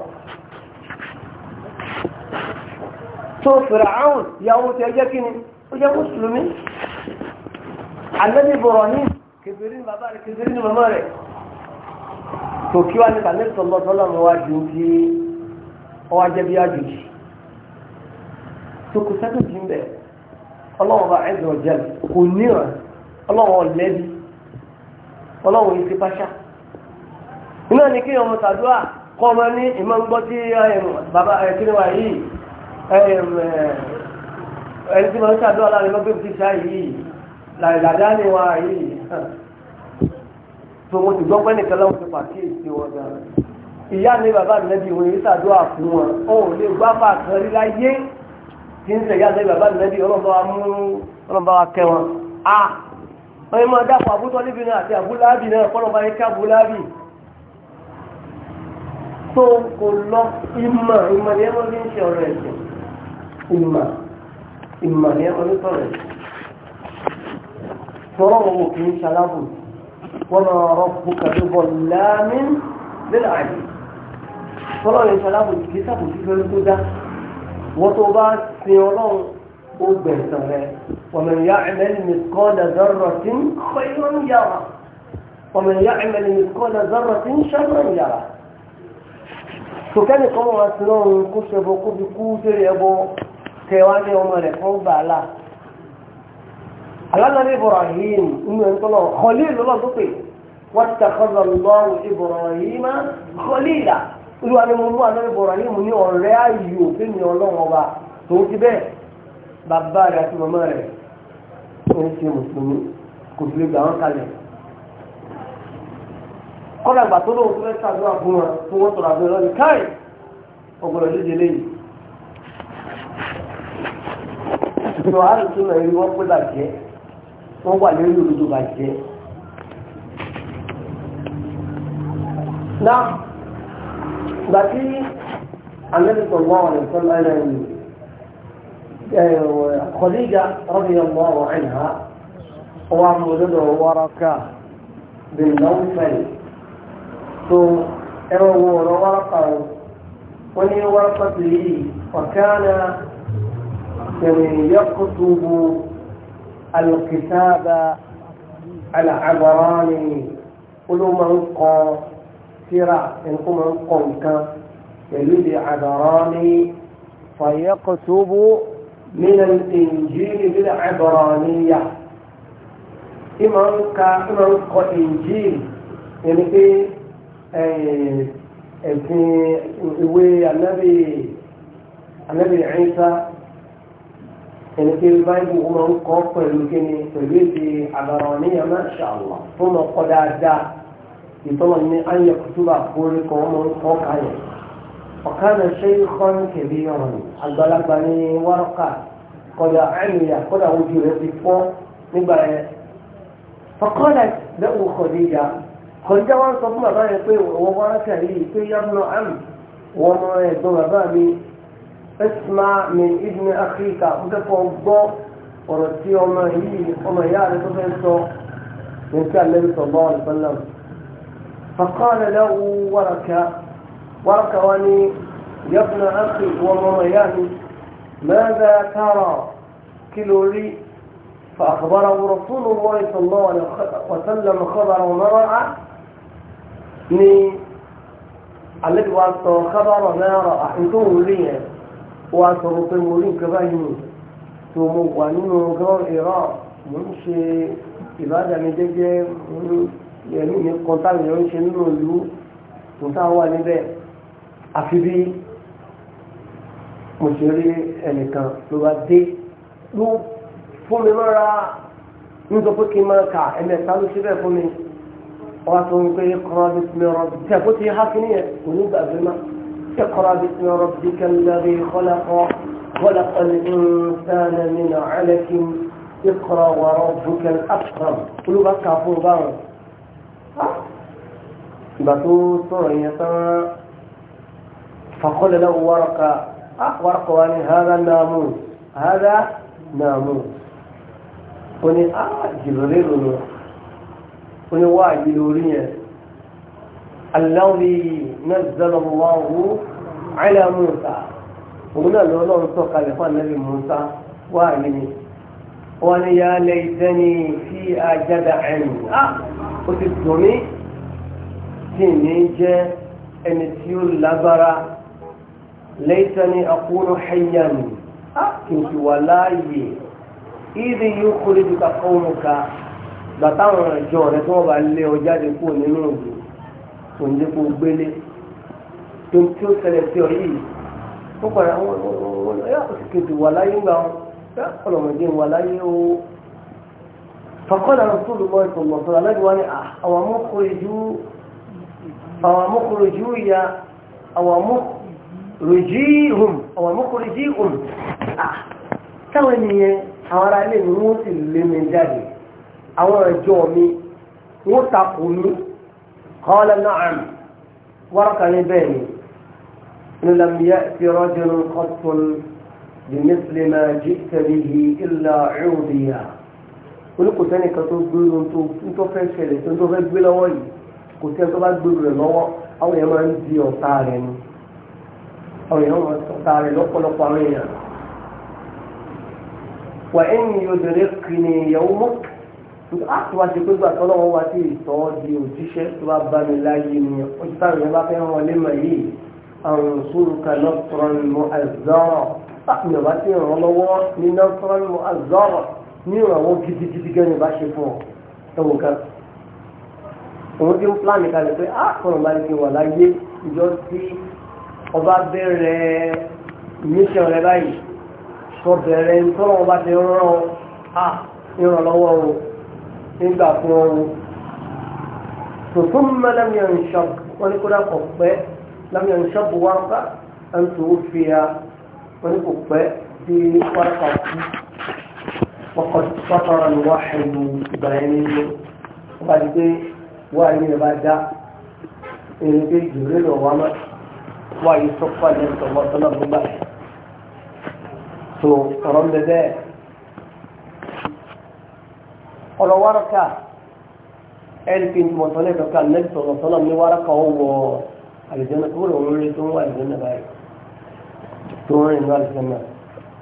tó fìràáhùn ìyàwó tí ẹjẹ́ kí ni ó jẹ́ mùsùlùmí alẹ́bí bọ̀rọ̀ ní kẹfìrí bàbá rẹ̀ kẹfìrí ní màmá rẹ̀ tó kí wá nípa lẹ́sọ̀ lọ́sọ́lọ́ mi wá ju bí ọwá jẹ́ bí àjòjì tó kò sẹ́kù jí ń bẹ̀ ọlọ́run bá ẹ̀dùn ọ̀jẹ́ kò níran ọlọ́run ọ̀lẹ́bí ọlọ́run yìí ti pàṣà iná ni kí ọmọ tàdúrà kọ́ ọmọ ní ìmọ̀ ń gbọ́ tí bàbá ẹ̀ kí ni wà yìí Eh, ẹni tí mo ń ṣàdúrà láàrin lọ́gbẹ́ ti ṣá yìí làìlàdá ni wa yìí tó mo ti gbọ́ pé nìkan lọ́wọ́ ti pàkíyèsí wọn gan ìyá mi bàbá mi lẹ́bi ìwọ̀n yìí ṣàdúrà fún wọn òun lè gbá fà kan rí láyé tí ń sẹ̀ ìyá mi bàbá mi lẹ́bi ọlọ́mọba wa mú ọlọ́mọba wa kẹ́ wọn. a wọ́n yìí máa dápọ̀ àbútọ́ níbi náà àti àbúláàbì náà fọlọ́mọba yìí ká àbúláàbì tó kò lọ ìmọ̀ ìmọ̀ ni ẹ ìmà ìmà ní onítọ̀rẹ̀ tọ́rọ̀ owó kì í ṣalábù wọ́n máa rọ bùkà tó bọ̀ láàmì nílà àyè tọ́rọ̀ yẹn ṣalábù kì í ṣàkóso fẹ́rẹ́ tó dá wọ́n tó bá sin ọlọ́run ó gbẹ̀sán rẹ̀ wọ́n mọ̀ ìyá ẹ̀mẹ́lì mi kọ́ da zọ́rọ̀ sí ń kọ́ ìrọ̀rùn yàrá wọ́n mọ̀ ìyá ẹ̀mẹ́lì mi kọ́ da zọ́rọ̀ sí ń ṣàrọ̀ yàrá tòkẹ́nì kan wà sí lọ́run kó ṣẹbọ kó fi kú sórí ẹbọ tẹwa ní fún bàálà alálàrí Ibrahim inú ẹ̀ ń tọ́lọ̀ Ibrahim Khalila olúwa mo mú Ibrahim ní ọ̀rẹ́ ayò fẹ́mi ọlọ́wọ́ tó ti bàbá àti ó ń ṣe mùsùlùmí kò sì lè gbà tó lóun tó ìṣòro àrùntún náà rí wọ́n pé bàjẹ́ wọ́n wà lórí olódò bàjẹ́. náà gbà tí àmẹ́lẹ́sọ̀ wọ́n wà lẹ́sọ̀ láìláì ní Khadija radiyallahu anha wọ́n mú lọ́dọ̀ Waraka bin Nawfal tó ẹ̀rọ wọ̀rọ̀ Waraka wọ́n ní Waraka يعني يكتب الكتاب على العبراني قلوما قا سرع انكم قمك يلد عبران فيكتب من الإنجيل بالعبرانية إما إما إنجيل يعني في في آه، آه، النبي النبي عيسى ẹni pé báyìí wọn máa ń kọ́ pẹ̀lú kíni pẹ̀lú èdè àgbàràn ní yàrá ṣàlọ́ tó máa kọ́ dáadáa ìtọ́wọ̀ ní ayé kùtùbà kórè kan wọn máa ń kọ́ káyọ̀ ọ̀kadà ṣe é kọ́ ní kẹ̀bí ọ̀run àgbàlagbà ní wárọ́kà kọjá àìníyà kọ́dà ojú rẹ̀ ti fọ́ nígbà yẹn. fọkọ́dà bẹ́ẹ̀ wò kọ̀díjà wọn sọ fún bàbá yẹn pé اسمع من ابن أخيك وتكون الضوء ورسي وما هي وما على فيسو من كان النبي صلى الله عليه وسلم فقال له ورك ورك واني يا ابن أخي وما يعني ماذا ترى لي فأخبره رسول الله صلى الله عليه وسلم خبر ما راى alẹ́dùwà sọ kábàrọ̀ náírà àìntó òun rí wá sọ pé mo rí nǹkan báyìí tó mo wà nínú gan ìrọ̀ mo ń ṣe ìbádàá mi jẹ́jẹ́ ẹ̀mí mi kan táwọn èèyàn ń ṣe nínú ìlú tó táwọn wà níbẹ̀ àfi bí mo ṣe rí ẹnìkan ló bá dé ló fún mi mọ́ra nítorí pé kí n máa kà ẹ̀mẹ́ta ló ṣe bẹ́ẹ̀ fún mi wọ́n á sọ wípé kọ́ńtà bí mi rọ̀ bí tẹ̀ kó ti há kí nìyẹn kò ní gbàgbé máa. اقرأ باسم ربك الذي خلق خلق الإنسان من علك اقرأ وربك الأكرم قلوبك كفور بار بطو سرية فقل له ورقة ورقة واني هذا ناموس هذا ناموس وني آه جبريل وني واجب الذي نزل الله ala Musa òun náà lọ́wọ́ lọ́wọ́ sọ kalẹ̀ fún anabi Musa wà nínú wọn ni yà laytani fi ajada ẹnu a ah, ó ti dùn mí tí ní jẹ́ ẹni tí ó lágbára laytani akunu hayyan a ah, kì í wà láàyè ìdí yóò kórè ju kakọ́ òun ká bàtà àwọn ìjọ rẹ tí wọ́n bá lé ọ jáde kúrò nínú òdu tó ń jẹ́ kó gbélé tó tí ó ṣẹlẹ̀ sí ọ yìí ó padà wọn ẹ kò sì wà láyé gbà wọn ẹ ọlọmọdé wà láyé o fàkọ́lá rẹ̀ tó lùmọ́ ìtọ̀lọ̀ sọ̀rọ̀ aláìwá ni àwọn ah, amókòròjú ya àwọn amókòròjíhùn àwọn amókòròjíhùn táwọn ènìyàn àwọn ará ilé mi wọ́n sì lé mi jáde àwọn ìjọ mi wọ́n takò mi kọ́lá náà wárọ̀kà ní bẹ́ẹ̀ ni إن لم يأتي رجل قط بمثل ما جئت به إلا عوديا oníkò sẹ́ni kan tó gbúrú tó fẹ́ ṣẹlẹ̀ tó tó fẹ́ gbé lọ́wọ́ yìí kò sẹ́ni tó bá gbúrú rẹ̀ lọ́wọ́ àwọn èèyàn máa ń di ọ̀tá rẹ̀ ni àwọn èèyàn máa ń sọ̀tá rẹ̀ lọ́pọ̀lọpọ̀ àwọn èèyàn. wà á ní obìnrin kìíní ìyàwó mọ́ a ti wá ṣe pé gbà tó lọ́wọ́ wá sí ìtọ́ di òjíṣẹ́ tó bá bá mi láyé ni ọjọ́ táwọn èèyàn bá fẹ́ rán ọ أنصرك نصرا مؤزرا أحمد باتي رمضان من نصرا مؤزرا ní ìrànwọ́ gidigidi gan ni bá ṣe fún ọ ẹwọ kan òun ti ń pláàni kalẹ̀ pé á ah, kọ̀rọ̀ bá ti wà láyé ìjọ tí ọba bẹ̀rẹ̀ mission rẹ báyìí sọ bẹ̀rẹ̀ nítorí ọba ti rán á ìrànlọ́wọ́ ah, o nígbà fún ọ o mẹ́lẹ́mìíràn ìṣàkóso لم ينشب ورقة أن توفي ونقب في ورقة وقد سطر الوحي بينه وبعد وعي بعد إن في جبريل وما وعي صفى النبي صلى الله عليه وسلم ببعض سو رمض ده ọ̀rọ̀ wáràkà ẹ̀rì kí n mọ̀tọ́lẹ́ kọ̀ọ̀kan lẹ́bí sọ̀rọ̀ sọ́nà ní wáràkà ọwọ́ àlùjọ́nà ó rọ̀ wọ́n rí tó ń wá àlùjọ́nà báyìí tó ń rìn ní àlùjọ́nà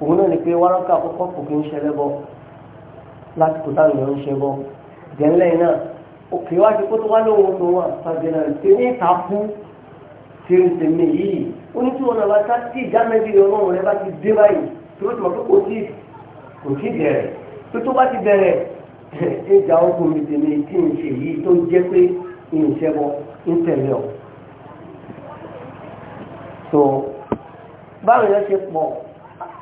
òun náà ni pé wárọ́kà àkọ́kọ́ kò kí ń ṣẹlẹ̀ bọ́ lásìkò táwọn èèyàn ń ṣe bọ́ jẹ́ńlẹ́yìn náà òkè wá ti kó tó wá lóhun tó wà sàgbẹ̀nà tí ní ìtàkù tí ń tèmi yìí ó ní tí wọn náà bá ká tí ìdámẹ́bí ọlọ́run rẹ bá ti dé báyìí tí ó kò tí kò tí bẹ̀rẹ̀ tó tó bá ti bẹ̀rẹ̀ ìjà ọkùnrin tèmi tí ń ṣe yìí tó jẹ́ pé ìṣẹ́bọ ń tẹ̀lé ọ̀ so báwọn yẹn ṣe pọ̀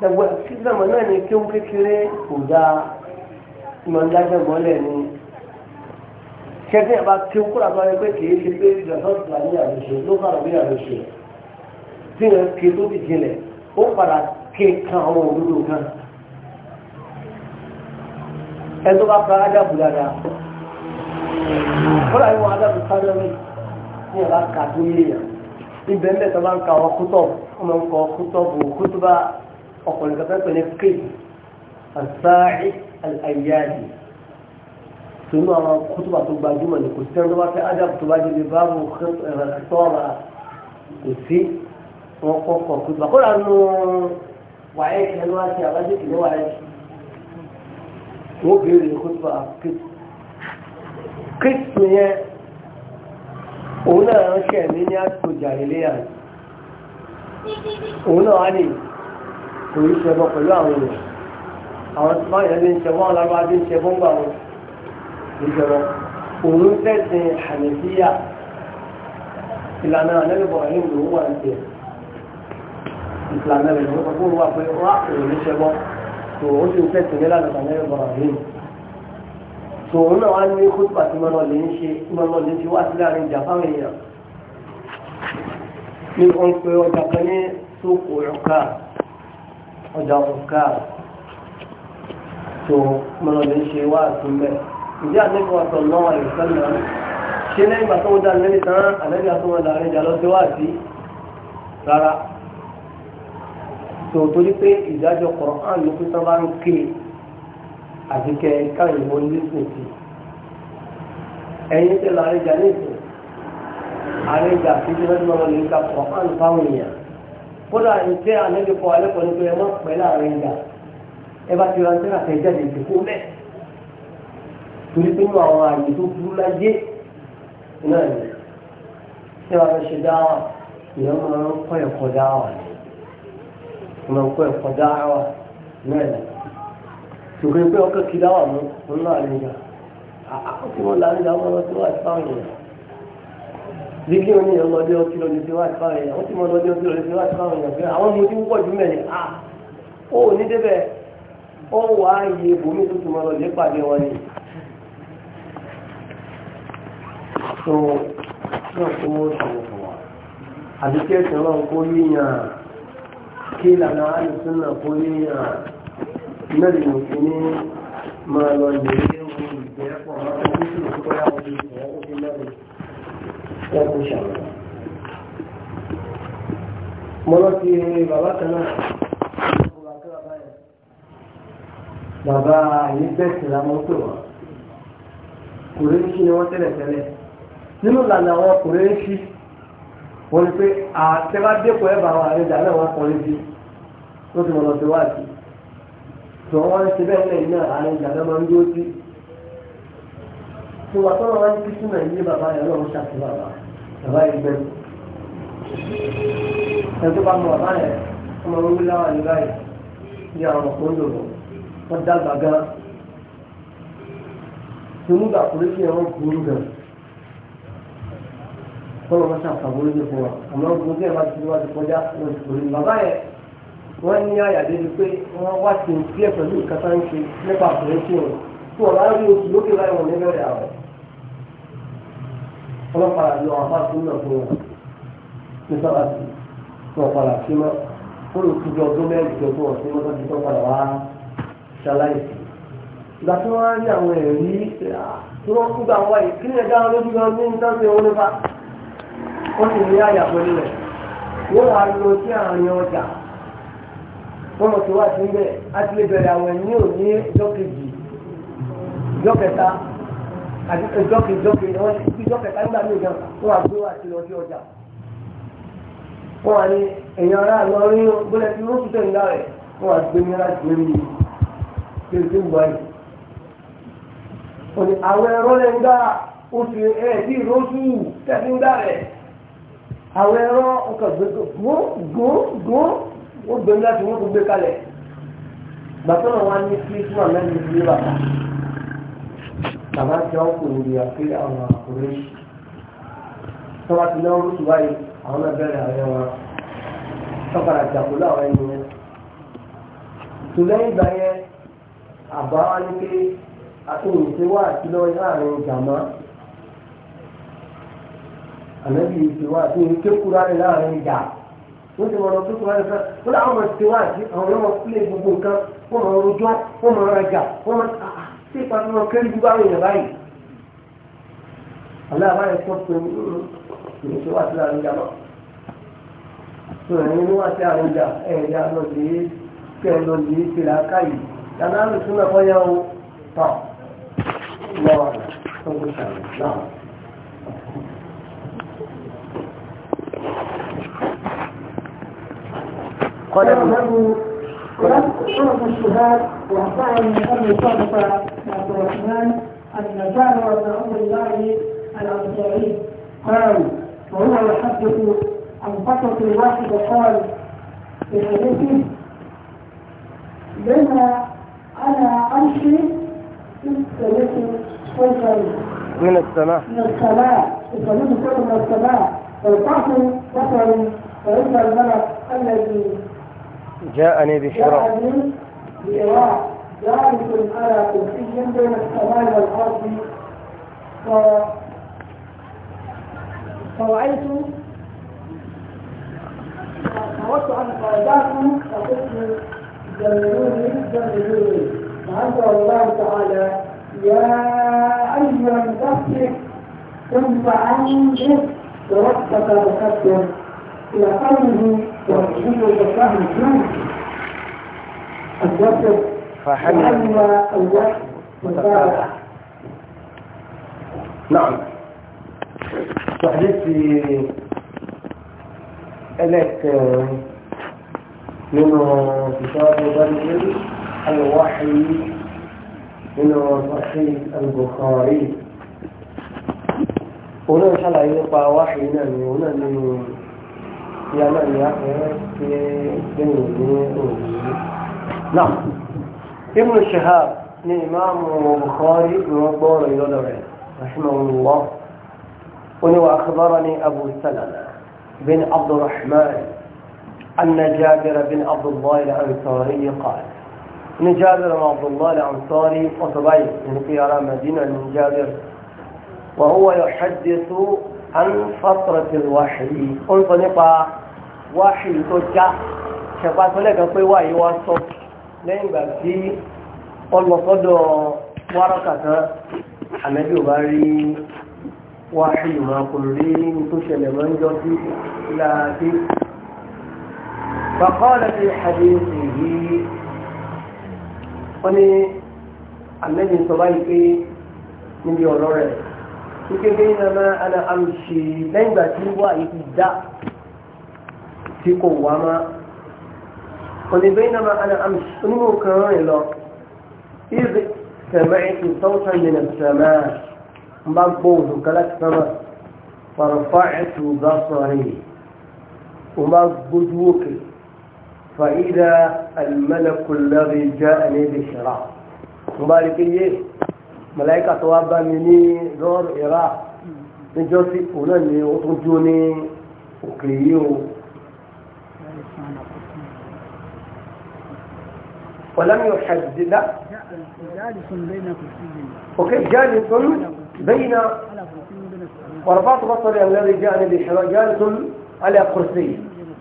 ẹgbẹ́ sísèmọ̀ náà ni kí ó kékeré kò dáa ìmọ̀ ń dájọ́ mọ́lẹ̀ ni kẹ́kẹ́ bá kí ó kúrò àbáyé pé kì í ṣe pé ìjọsọ́sọ́ ní àlùṣe ló kàrọ̀ bí àlùṣe tí yẹn ké tó ti jinlẹ̀ ó padà ké kan àwọn òdodo kan ẹni tó bá fara ajábù dáadáa kọ́lá yìí wọn ajábù sáré ní ìyàrá kàdúyé yàrá ibẹ̀ ń bẹ̀ tó bá ń ka àwọn kútọ̀ ọmọ ń kọ kútọ̀ bò kútọ̀ bá ọkùnrin kan fẹ́ pẹ̀lú kéèkì àṣàáì àyàdì sínú àwọn kútọ̀ bá tó gbajúmọ̀ ní kò sí ẹni tó bá fẹ́ ádàb tó bá jẹbi báàbù tọ́ra kò sí wọn kọ́ kọ́ kútọ̀ bá kóra nù wàyẹ̀ kí ẹni wá sí àbájé kì ní wàyẹ̀ kí wọ́n béèrè kútọ̀ bá kéèkì nìyẹn òun náà ránṣẹ́ mi ní àsìkò jàìlẹ́yà òun náà wá ní kò í ṣẹbọ pẹ̀lú àwọn èèyàn àwọn tí báyìí ní ṣẹbọ alágbá bí ṣẹbọ ń gbà wọn ìjọba òun tẹ̀sìn àmìsíyà ìlànà ànẹ́lẹ́bọ̀ ẹ̀yìn lòún wà ní tiẹ̀ ìlànà rẹ̀ ló sọ fún wa pé wá òun ní ṣẹbọ sòun náà wá ní kótópà tí mo lọ lè ń ṣe tí mo lọ lè ń ṣe wá sí láàrin ìjà fáwọn èèyàn ní wọ́n pe ọjà kan ní sóko ọ̀ká ọjà ọ̀ká tó mo lọ lè ń ṣe wá sí mbẹ ìdí àtẹ́kọ̀ọ́ sọ náà àìsàn náà ṣe lẹ́yìn àti kẹ káyọ̀ ìwọ nípò sí ẹ̀yin tẹ́lọ àrẹ́jà nípò àrẹ́jà tí tí wọ́n ti máa lè ka pọ̀ án fáwọn èèyàn kódà ìtẹ́ àmẹ́lẹ́kọ̀ọ́ alẹ́kọ̀ọ́ ní pé ẹ má pẹ́ láàrin ìjà ẹ bá ti ra ń tẹ́lá tẹ́ jáde ìdìbò mẹ́ torí pé nínú àwọn àyè tó burú láyé náà ni tí wọ́n fẹ́ ṣe dáwà ìyẹn máa ń kọ́ ẹ̀kọ́ dáwà ni máa ń kọ́ ẹ̀kọ́ dáwà náà ni ṣùgbọ́n pé ọkọ̀ kìlá wà mú òun náà lè tí wọ́n láàrin àwọn ọmọ tí wọ́n àti fáwọn èèyàn bí kí wọ́n ní ọlọ́dẹ ọtí lọ́dẹ tí wọ́n àti fáwọn èèyàn wọ́n ti mọ ọlọ́dẹ ọtí lọ́dẹ tí wọ́n àti fáwọn èèyàn àwọn ọmọ ń pọ̀ jù mẹ́rin à ó ní débẹ̀ ó wà á yẹ bòmí tó ti mọ ọlọ́dẹ pàdé wọn ni. tó náà tó mú ìṣòro fún wa àbíkẹ́ ìṣòro kó yíyan kí ìlànà àlùsùn náà kó yíyan mẹ́rin òfin ní máa lọ ìlérí ohun ìgbẹ́pọ̀ máa ń kí ó fi bàbá kan bàbá yìí bẹ́ẹ̀sì la mọ́ pè wọ́n kùrẹ́ṣì ni wọ́n tẹ́lẹ̀ tẹ́lẹ̀ nínú ìlànà àwọn kùrẹ́ṣì wọ́n ní pé àtẹ́wádẹ́kọ̀ọ́ ẹ̀ bá wọn àrẹ́jà náà wọ́n kọrin tó wọ́n ń ṣe bẹ́ẹ̀ lẹ́yìn náà ààrẹ ìjàdá máa ń dúró sí tó wà tọ́lọ̀ wá ń kí sínú ẹ̀yìn bàbá rẹ̀ lọ́wọ́ ṣàtì bàbá bàbá yìí gbẹ́ ẹ̀ tó bá mọ bàbá rẹ̀ ọmọ orí láwà ní báyìí bí àwọn ọ̀pọ̀ ń lò lọ wọ́n dàgbà gan tòmúgbà kúrẹ́sì ẹ̀ wọ́n kúrú gan tọ́lọ̀ fún wa àmọ́ gbogbo ẹ̀ bá ti wá ti kọjá lọ́sùkúrú bàbá yẹn wọ́n ní àyàdé ni pé wọ́n wá sí ní sílẹ̀ pẹ̀lú nǹkan ń ṣe nípa àkùnrin sí wọn tí wọ́n bá rí oṣù lókè láì wọ̀n ní bẹ̀rẹ̀ àwẹ̀ ọlọ́pàá lọ àbá tó náà fún wọn ní sábà sí wọn padà sí mọ́ ó lè fi ọdún mẹ́rin jọ fún ọ̀sẹ̀ tí wọ́n padà wá ṣaláì ìgbà tí wọ́n rí àwọn ẹ̀rí tí wọ́n kú gbà wáyé kí ni ẹ̀dá lójú lọ ní nítorí owó nípa wọ́n sì ní àyàfọ́ nílẹ̀ wọ́n wá lọ sí àárín ọjà wọ́n mọ̀ tó wà sí bẹ́ẹ̀ á ti lè bẹ̀rẹ̀ àwẹ̀ ní òní ìjọ kejì ìjọ kẹta àti ìjọ kejì ìjọ kejì wọ́n ti ìjọ kẹta nígbà míì gan wọ́n wà gbé wà sí lọ sí ọjà wọ́n wà ní èèyàn ará lọ rí bólẹ̀ tí wọ́n tútẹ̀ nígbà rẹ̀ wọ́n wà gbé nígbà tí wọ́n yìí tí ń bọ̀ ẹ̀. òní àwẹ̀ ẹ̀rọ lẹ̀ ń gbà oṣù ẹ̀ tí ìrọ́sù tẹ̀ ń gbà rẹ̀ àwẹ̀ ẹ̀rọ ọkọ̀ wọ́n gbé láti wọ́n tó gbé kalẹ̀ gbàtọ́ náà wọ́n á ní kí fún àmẹ́lì ìdílé bàbá bàbá tí wọ́n kò lè àpé àwọn àkùrẹ́ tọ́ba ti lọ́wọ́ lóṣù báyìí àwọn náà bẹ̀rẹ̀ àárẹ̀ wọn tọ́kadà jàpó láwọn ẹni yẹn tó lẹ́yìn ìgbà yẹn àbá wa ní pé àtòyìn ti wá àti lọ́wọ́ láàrin ìjàmá àmẹ́lì ìdílé wá àti ìkékùrá láàrin ìjàmá wọ́n ti wọ̀nà tuntun wáyé fẹ́ wọ́n lé àwọn ìṣèwádìí àwọn ọmọ ilé gbogbo nǹkan wọ́n máa rojọ́ wọ́n máa rajà wọ́n máa ṣe ìpàdé wọn kéré gbogbo àwọn èèyàn báyìí. àlẹ́ àbáyé sọ pé èmi mm, ṣe mm, mm, wá sí àwọn ìjà náà. sọ èyí ni wá sí àwọn ìjà ẹ̀ẹ́dá lọ sí kẹ́ ẹ lọ sí ìṣẹ̀lẹ̀ aká yìí. yàrá mi tún lọ kọ́ yẹ lọ́wọ́ àgbà tó ń gbé sàrẹ̀ náà. قلم ولم أعرف الشهاد وأخبرني من أبي صادق عبد الرحمن أن جابر بن عبد الله الأنصاري قال وهو يحدث عن فترة واحدة قال في حديثه بما أنا أمشي استلمت صوتا من السماء من السماء استلمت صوتا من السماء فالقحط بصري فإن الملك الذي جاءني بشراء فوعيت فوعيت كرسي بين السماء والارض فرأيت عن قاداتهم فقلت جملوني جملوني فأنت الله تعالى يا أيها المدثر كنت فأنذر توقف فكبر إلى قوله وكل يتفاهم شوف الجسد فحل الوحي متابعة نعم تحدثت لك من كتاب بدر الوحي من صحيح البخاري هنا ان شاء الله يبقى وحينا هنا هنا من ti aláìyá ẹ̀ẹ́kẹ́ gbẹ̀yìn ní òní. náà ibùn Shihab ni ìmáàmù Bukhari ìwọ̀n gbọ́ọ̀rọ̀ ìlọ́dọ̀ rẹ̀ rahimahullah oní wa akhbarani Abu Salama bin Abdurrahman أن جابر بن عبد الله الأنصاري قال إن جابر بن عبد الله الأنصاري وصبي من قيار مدينة من جابر وهو يحدث عن فترة الوحي قلت نقع wá ṣe ìtọ́ já ṣẹ̀pàtọ́ lẹ́ẹ̀kan pé wáyé wá sọ lẹ́yìn ìgbà tí ọlọ́sọ́dọ̀ wárọ́kà tán àmẹ́bí ò bá rí wá ṣe ìmọ̀ kò rí ní tó ṣẹlẹ̀ mọ́ ń jọ sí láàdé. فقال في حديثه قني النبي صلى الله عليه وسلم من يوروري وكيف بينما انا امشي لين باتي وايتي دا tí kò wá má oníbẹ́yìnàmá ana amṣi onímọ̀ kan rìn lọ ìdí sami'tu sawtan min as-samaa ń bá gbọ́ òdùn kan láti sánmà farafa'tu basari ń bá gbójú òkè fa'idha al-malaku alladhi ja'ani bishira ń bá rí pé yé màláíkà tó wá bá mi ní lọ́rọ̀ ìrà níjọ́sí òun náà ni ó tún dúró ní òkè yìí o. ولم يحدد جالس بين كرسيين اوكي جالس بين ورفعت بصري الذي جاءني جالس على كرسي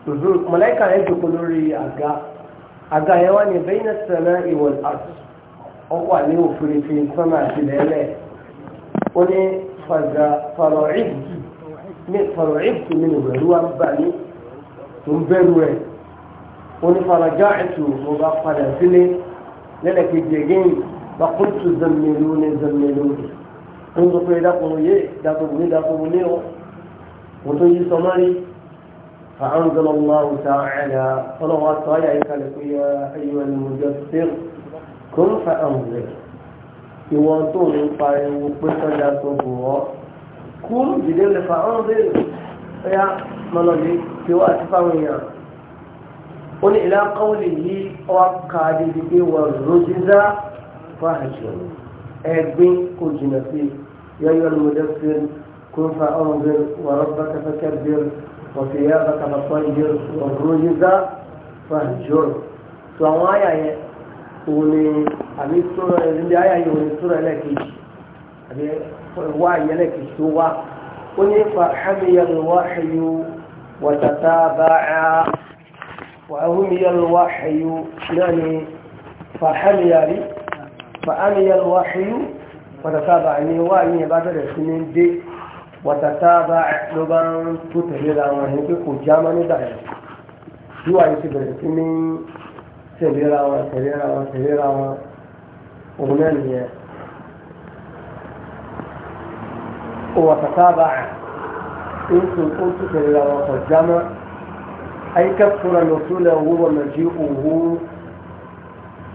نزول ملائكة يقولوا لي أجا أجا يواني بين السماء والأرض أو أني وفري في السماء في الليل وني فرعبت من فرعبت منه هو أباني من بروه onífarajá ètò mo bá padà sílé lẹ́lẹ̀ kejì ẹ̀gẹ́yìn bá kó tu zẹ̀mẹ̀lú ní zẹ̀mẹ̀lú ń sọ pé dákùnrin yé dákùnrin ní dákùnrin ní o mo tó yí sọmọ́rí فأنزل الله تعالى فلو أطايا يكالك يا أيها المدثر كن فأنزل ìwọ̀n tó ní pariwo pé sọ́jà tó bù ọ́ kúrú jìdí lè fa ọ́n bèèrè ẹ̀yà mọ́lọ́dé tí ó àti fáwọn èèyàn ó ní ila qawlihi ọkà dídí pé wọ́n rojizá fáhìṣẹ́ ẹgbin kò jìnà sí yẹ́yọ́ ni mo dẹ́ fi kun fa ọ̀rọ̀ wa rabbaka fakabbir wa thiyabaka fatahhir wa rojizá fáhìṣẹ́ tó àwọn àyà yẹn òun ni àbí sọ́rọ̀ ẹ̀rẹ́dẹ́ àyà yẹn òun ni sọ́rọ̀ ẹlẹ́kejì àbí wá ẹlẹ́kejì tó wá ó ní fa hamiya ni wáhìyù wàtàtà bá a. فهمي الوحي يعني فحمي لي فأمي الوحي وتتابع من وعي بعد سنين دي وتتابع لغا تتهيلا وهيك بكو جامن دائر يوعي آية سبر سنين سبيرا وسبيرا وسبيرا وغنانية وتتابع انتو قلت سبيرا وسجامن أي كثر الوصول وهو مرجئه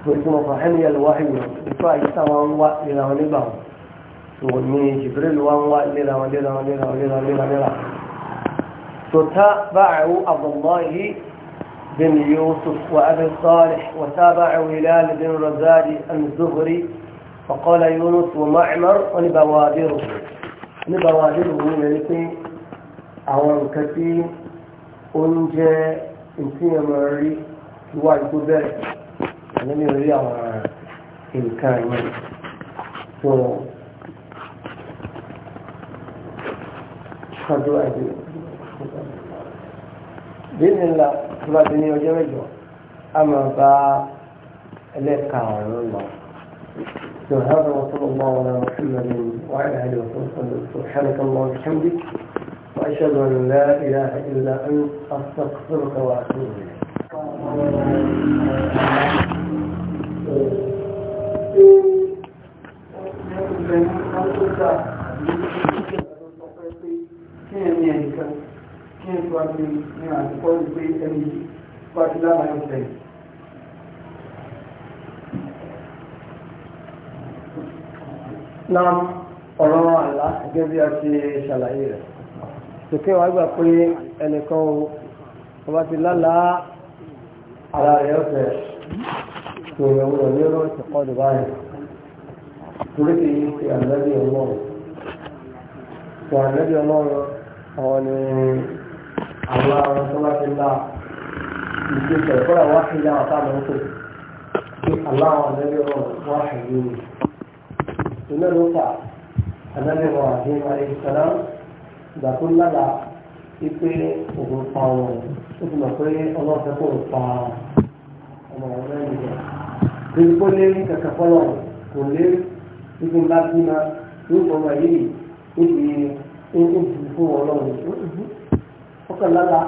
ويكون فهني الوحي إفاء سوان وإلى ونبه ومن جبريل وان وإلى وليلة وليلة وليلة وليلة وليلة تتابعوا عبد الله بن يوسف وأبي صالح وتابعوا هلال بن رزاد الزهري فقال يونس ومعمر ونبوادره نبوادره من الاتنين أو الكثير oúnjẹ ìfihàn máa rí ìwádìí tó bẹ̀rẹ̀ àmì mi ò rí àwọn nǹkan yẹn tó kájú àìdí. Bíní ńlá tó bá ti ní ọjọ́ mẹ́jọ, a máa bá ẹlẹ́kàárùn-ún lọ. سبحان الله وصلى الله على محمد وعلى اله وصحبه وسلم سبحانك اللهم وبحمدك وأشهد أن لا إله إلا أنت أستغفرك وأتوب نعم، أرواح الله، كيف يأتي شلائره؟ tòkè wàá gbà pé ẹnìkan o ọba ti lálàá ara rẹ̀ ọ̀fẹ́ tó ìyàwó rẹ̀ lérò ìtẹ̀kọ́ dùbà rẹ̀ torí kì í ṣe ànábì ọlọ́run tó ànábì ọlọ́run àwọn ni àwọn arọ tó bá ti lá ìṣe ìṣẹ̀kọ́ra wá sí ilé àwọn táwọn ń pè ní aláwọ̀ ànábì ọlọ́run wá sí ilé ìnáwó fà ànábì ọlọ́run àti ìmọ̀ ìgbà tó lára wípé òun pa ọmọ rẹ̀ ó ti mọ̀ pé ọlọ́fẹ́ kò pa ọmọ rẹ̀ lẹ́yìn rẹ̀ lórí kó lé ní kẹ̀kẹ́ fọ́lọ̀ kò lé wípé ńlá bí ma yóò fọ ọmọ yìí níbi ó bù fún ọlọ́run ọkàn lára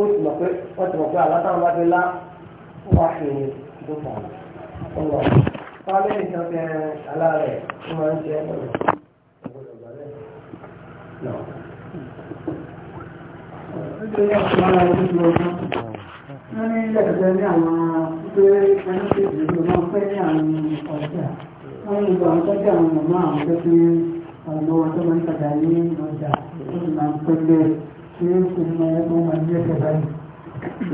ó ti mọ̀ pé wọ́n ti mọ̀ pé àlátàwọn bá dé lá wọ́n á fi dókà ọlọ́ wọ́n lé nǹkan kẹrin alárẹ̀ wọ́n máa ń jẹ́ ọ̀rọ̀ ọ̀gbọ̀dọ̀gbọ̀ rẹ̀ wọ́n ní lẹ́gbẹ̀ẹ́ ní àwọn pé ẹni tí ìdìbò náà fẹ́ ní àwọn ọjà wọ́n ní ìgbà àwọn tọ́jú àwọn ọmọ àwọn tó fi ọ̀nà tó máa ń tàjà ní ọjà tó sì máa ń pẹ́lẹ̀ tí ó sì máa ń mọ́ máa ń yẹ kẹta yìí.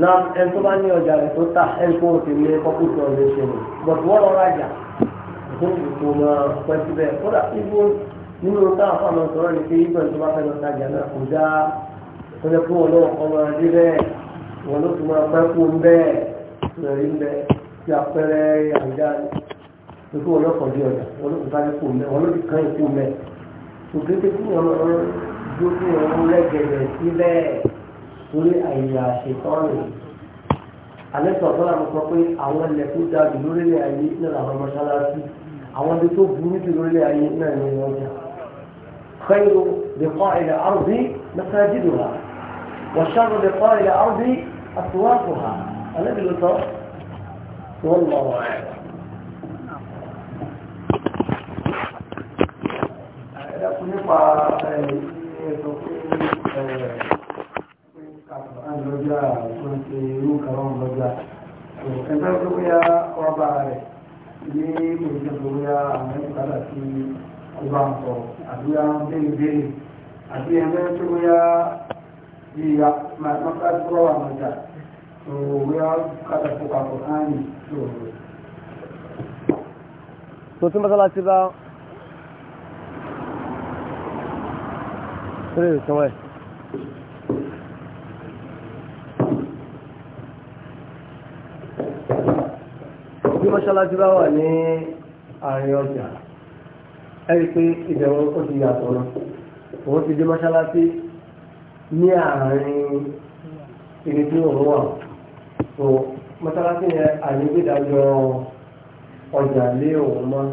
na ẹni tó bá ní ọjà rẹ̀ tó tà ẹni tó ti lé kọ́kú tó ọ̀rẹ́ ṣe nù but wọ́n lọ rajà tó ń kò máa pẹ́ síbẹ̀ kódà ibo nínú táwọn fáwọn sọ̀rọ̀ ni pé ibẹ̀ tó bá fẹ́ lọ tajà náà kò dáa tó yẹ kó wọn náà kọ́ máa dé bẹ́ẹ̀ wọn ló tún máa pẹ́ fún un bẹ́ẹ̀ lórí ń bẹ tí apẹ́rẹ́ àyíká ni tó kó wọn náà kọ́ dé ọ̀dà wọn ló tún sáré fún un bẹ́ẹ̀ wọn ló tún kàn fún un bẹ́ẹ̀ òkété kí wọn lọ dó kí wọn mú lẹ́gẹ̀dẹ̀ sí bẹ́ẹ̀ torí àyà ṣètọ́nù alẹ́ sọ̀tọ́ làwọn sọ pé àwọn ilẹ̀ tó dáa lórílẹ̀ ayé náà làwọn mọ́ṣáláṣí àwọn ibi tó burú jù lórílẹ̀ ayé náà ni wọ́n jà. خير بقاع الأرض مساجدها وشر بقاع الأرض أسواقها الذي الأطار والله أعلم nípa ẹ̀ẹ́dọ̀ pé ẹ̀ẹ́dọ̀ lọ́jà tó ń ṣe irú kàrọ̀n lọ́jà ẹ̀ẹ́dọ̀ tó bóyá ọba rẹ̀ ní ìpòjẹ́ tó bóyá àwọn ìpàdà sí ọba ń sọ àbí àwọn bẹ́ẹ̀ bẹ́ẹ̀ àbí ẹ̀ẹ́dọ̀ tó bóyá bí ya máa maka turawa mata to ya kada fuka qur'ani to to tun matsala ci ba sai kawai bí mọ́ṣáláṣí bá wà ní àárín ọjà ẹ̀rí pé ìbẹ̀wọ̀n ó ti yàtọ̀ náà òun ti dé mọ́ṣáláṣí ní àárín ibi tí òun wà tó mọ́sálásí yẹn àyígbèdájọ́ ọjà lé òun mọ́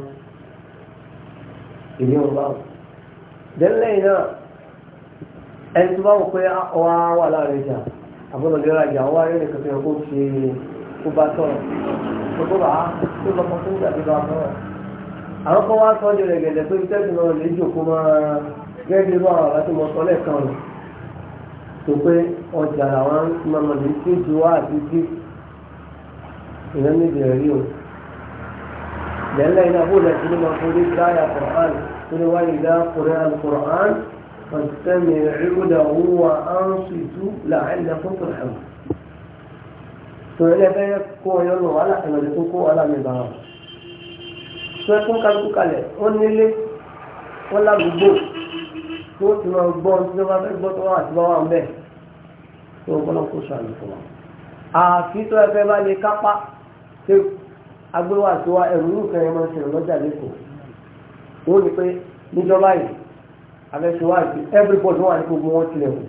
ìlú òun bá wọn. dẹ́lẹ́yìn náà ẹni tó bá wọ pé ah, ọwá wà láàrin ìjà àbọ̀lọ̀ lè rajà ọwá rẹ̀ nìkan fi hàn kó ṣe kó bá sọ̀rọ̀ gbogbo bá tó lọ́kọ́ tó ń gbàgbé bá sọ̀rọ̀ àwọn kan wá sọ́jọ́ rẹ̀ gẹ̀dẹ̀ pé tẹ́sán náà lè jòkó máa gẹ́gẹ́ bí wọ́n àwọn àti mọ̀ sọ́lẹ̀ kan rẹ̀ tó pé ọjà làwọn mọ̀mọ́lẹ́ tí ju wá àti tí ìyẹn níbi rẹ̀ rí o. لأن أقول لك لما قلت لا يا قرآن قل وإذا قرأ القرآن فاستمعوا له وأنصتوا لعلكم ترحمون tòrẹ́lẹ́ fẹ́ kó ọyọ́ lọ wà látìmọ̀lẹ́ tó kó alámìbà wọn tó ẹkún kálukú kalẹ̀ wọ́n nílé wọ́n lágbègbè tó ti máa gbọ́ tí wọ́n bá fẹ́ gbọ́ tó wà àti ń bẹ́ẹ̀ tó gbọ́nà kó sàmì fún wa àfi tó ẹgbẹ́ bá lè kápá tó agbéwà tó wá ẹ̀rù nìkan ẹ̀ máa ń ṣẹlẹ̀ lọ́jà lẹ́kọ̀ọ́ wọ́n ní pé níjọba yìí abẹ́síwájú everybody wà ní gbogbo wọn tilẹ̀ wò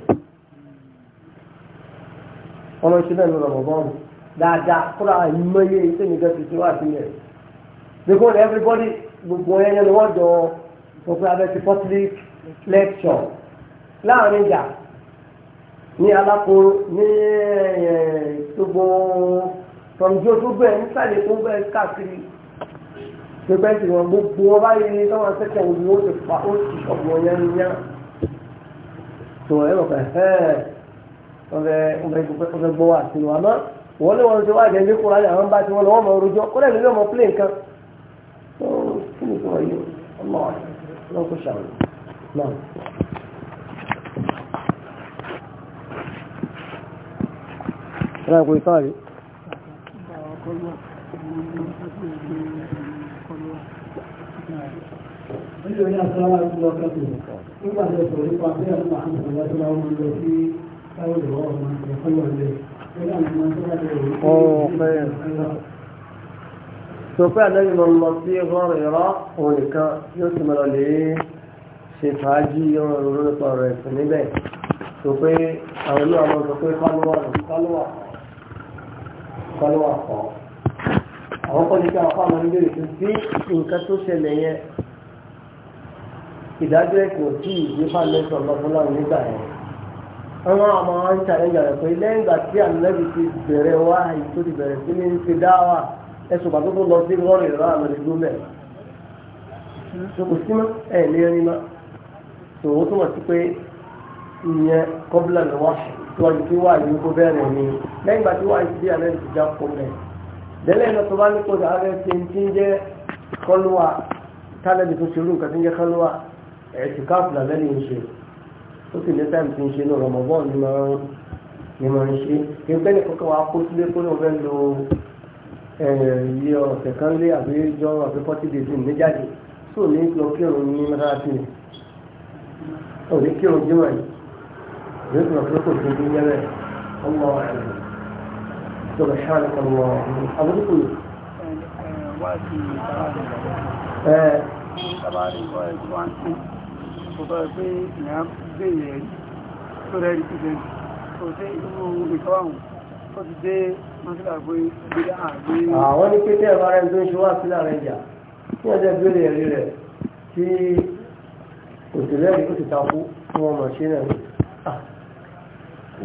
ọmọ ìṣẹ́lẹ̀ ń lọ bọ́ọ̀mù dáadáa kúrò àìmọye iṣẹ́ mi gẹ́gẹ́ tuntun wà sílẹ̀ because everybody gbogbo ẹ̀yẹ́ ni wọ́n jọ sọ pé abẹ́sí public lecture láàrin ìjà ní alákòóró ní gbogbo tọ̀njú gbogbo ẹ̀ nísàlẹ̀ gbogbo ẹ̀ káàkiri pẹpẹ tí wọn gbogbo wọn bá yẹ táwọn akẹ́kọ̀ọ́ wo ó ti fa ó ti ọ̀gbọ̀n yẹn ń yá tó ẹ lọ fẹ ẹ ọfẹ ọfẹ ọfẹ gbọ́ wà sínú àmọ́ wọn lé wọn ti wá jẹ nípò alẹ́ àwọn bá ti wọn lọ wọn mọ orojọ kó lẹ́nu lọ́mọ pílé nǹkan tó kí ni tí wọ́n yí ọmọ ọlọ́kùnrin ṣàwọn náà. ẹ̀rọ ìpò ìtọ́rí Sọ̀pẹ́ àdájú lọ lọ sí ọgọ́rùn-ún ìrọ́ òun nìkan yóò sì mọ́lọ lè ṣe fàájí yọ́n rọrùn nípa ọ̀rọ̀ ẹ̀sìn níbẹ̀. Sọ̀pẹ́ àwọn olú àwọn sọ̀pẹ́ kálúwà nǹkan ló wà kọ́ àwọn kọ́ ní kí àwọn fáwọn ọmọdé rè bí nǹkan tó ṣẹlẹ̀ yẹn ìdájọ́ ẹ̀kọ́ tí ìwé fáńdẹ́sọ̀ lọ́fọ́lá nígbà yẹn àwọn àmọ́ wọn ń ṣàlẹ́jà rẹ̀ pé lẹ́yìn ìgbà tí ànábì ti bẹ̀rẹ̀ wá ètò ti bẹ̀rẹ̀ sí ní ti dá wà ẹ̀sùn pàtó tó lọ sí rọ́ọ̀rì rẹ̀ láàmú ìlú mẹ́rin tó kò sí mọ́ ẹ̀ lérí mọ́ tòun túmọ̀ sí pé ìyẹn kọ́bílà lọ́wọ́ ṣùgbọ́n síwájú kí wà yìí kó bẹ̀rẹ̀ ni lẹ́yìn ìgbà tí wà yìí sí àlẹ́ ìjà kó bẹ̀. délẹ̀ iná tó bá ní kó sàárẹ̀ ṣe ń tí ń jẹ́ kọ́lùwà tálẹ́bì tó ṣerú nǹkan tí ń jẹ́ kọ́lùwà ẹ̀ẹ́dì káàpù làbẹ́ ní ṣe ó sì ní táìmù tí ń ṣe ní ọ̀rọ̀mọ̀bọ́ọ̀ ni mo ń ṣe kí n pẹ́ẹ́nì kọ́kọ́ wa kó sílé kó lóun fẹ́ lo iye ọ̀sẹ̀ kan lé àbí jọ àbí fọ́tí ní jáde tó ní lọ kírun ní mẹ́ta sí i ò kírun jímọ̀ yìí yóò sọ̀rọ̀ pé kò الله ní yẹ́rẹ́ ọmọ ẹ̀rọ sọ̀rọ̀ ṣáà nìkan mọ̀ àbúrúkú. ẹ tabari kọ ẹ tí wọ́n ti kò tọ́ pé ìyá béèrè tó rẹ̀ rí tìjẹ́ kò sí irú ní pété ẹ̀rọ ara tó ń ṣe wá sílẹ̀ rẹ̀ jà kí wọ́n jẹ́ béèrè rẹ̀ tí òṣèlú ẹ̀rí fún ọmọ ṣe náà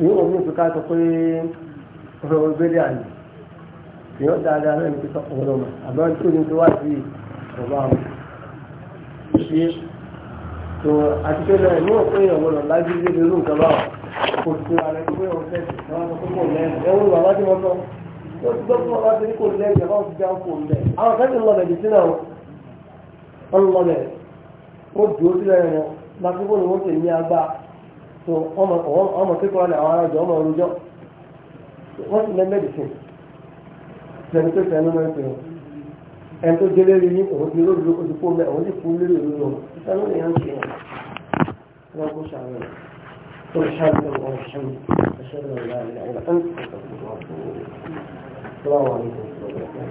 yóò wọ́n ní ìfúkà sọ pé ọ̀rọ̀ ìgbélé àná yóò dáadáa náà ní pípa ọ̀rọ̀ mà àbẹ́ tó ní tó wà sí ọ̀bá wọn. ṣe tó àti pé náà ní òpin ìrànwọ́ lọ lájú ilé lórí nǹkan báwọn kò sí ara ẹni pé òun fẹ́ẹ́ sọ wọn kó kò lẹ́nu ẹ̀wọ̀n bàbá tí wọ́n sọ ó ti gbọ́ fún ọba tó ní kò lẹ́nu ẹ̀fọ́ ti já kò lẹ́ àwọn so ọmọ ọmọ kékeré ni àwọn arájọ ọmọ orújọ wọ́n ti lẹ́ mẹ́dísìn tẹ̀lé tó tẹ̀lé mọ́ ẹ̀sìn ẹni tó délé rí ní òun ti lórí oṣù kó mẹ́ òun ti kú lórí òun lọ ìtàn ló yẹn ń ṣe yẹn wọ́n kó ṣàwọn ẹ̀ tó ṣàlùkọ́ wọn ṣàlùkọ́ ẹ̀ṣẹ́ lọ́wọ́ láàrin àwọn ẹ̀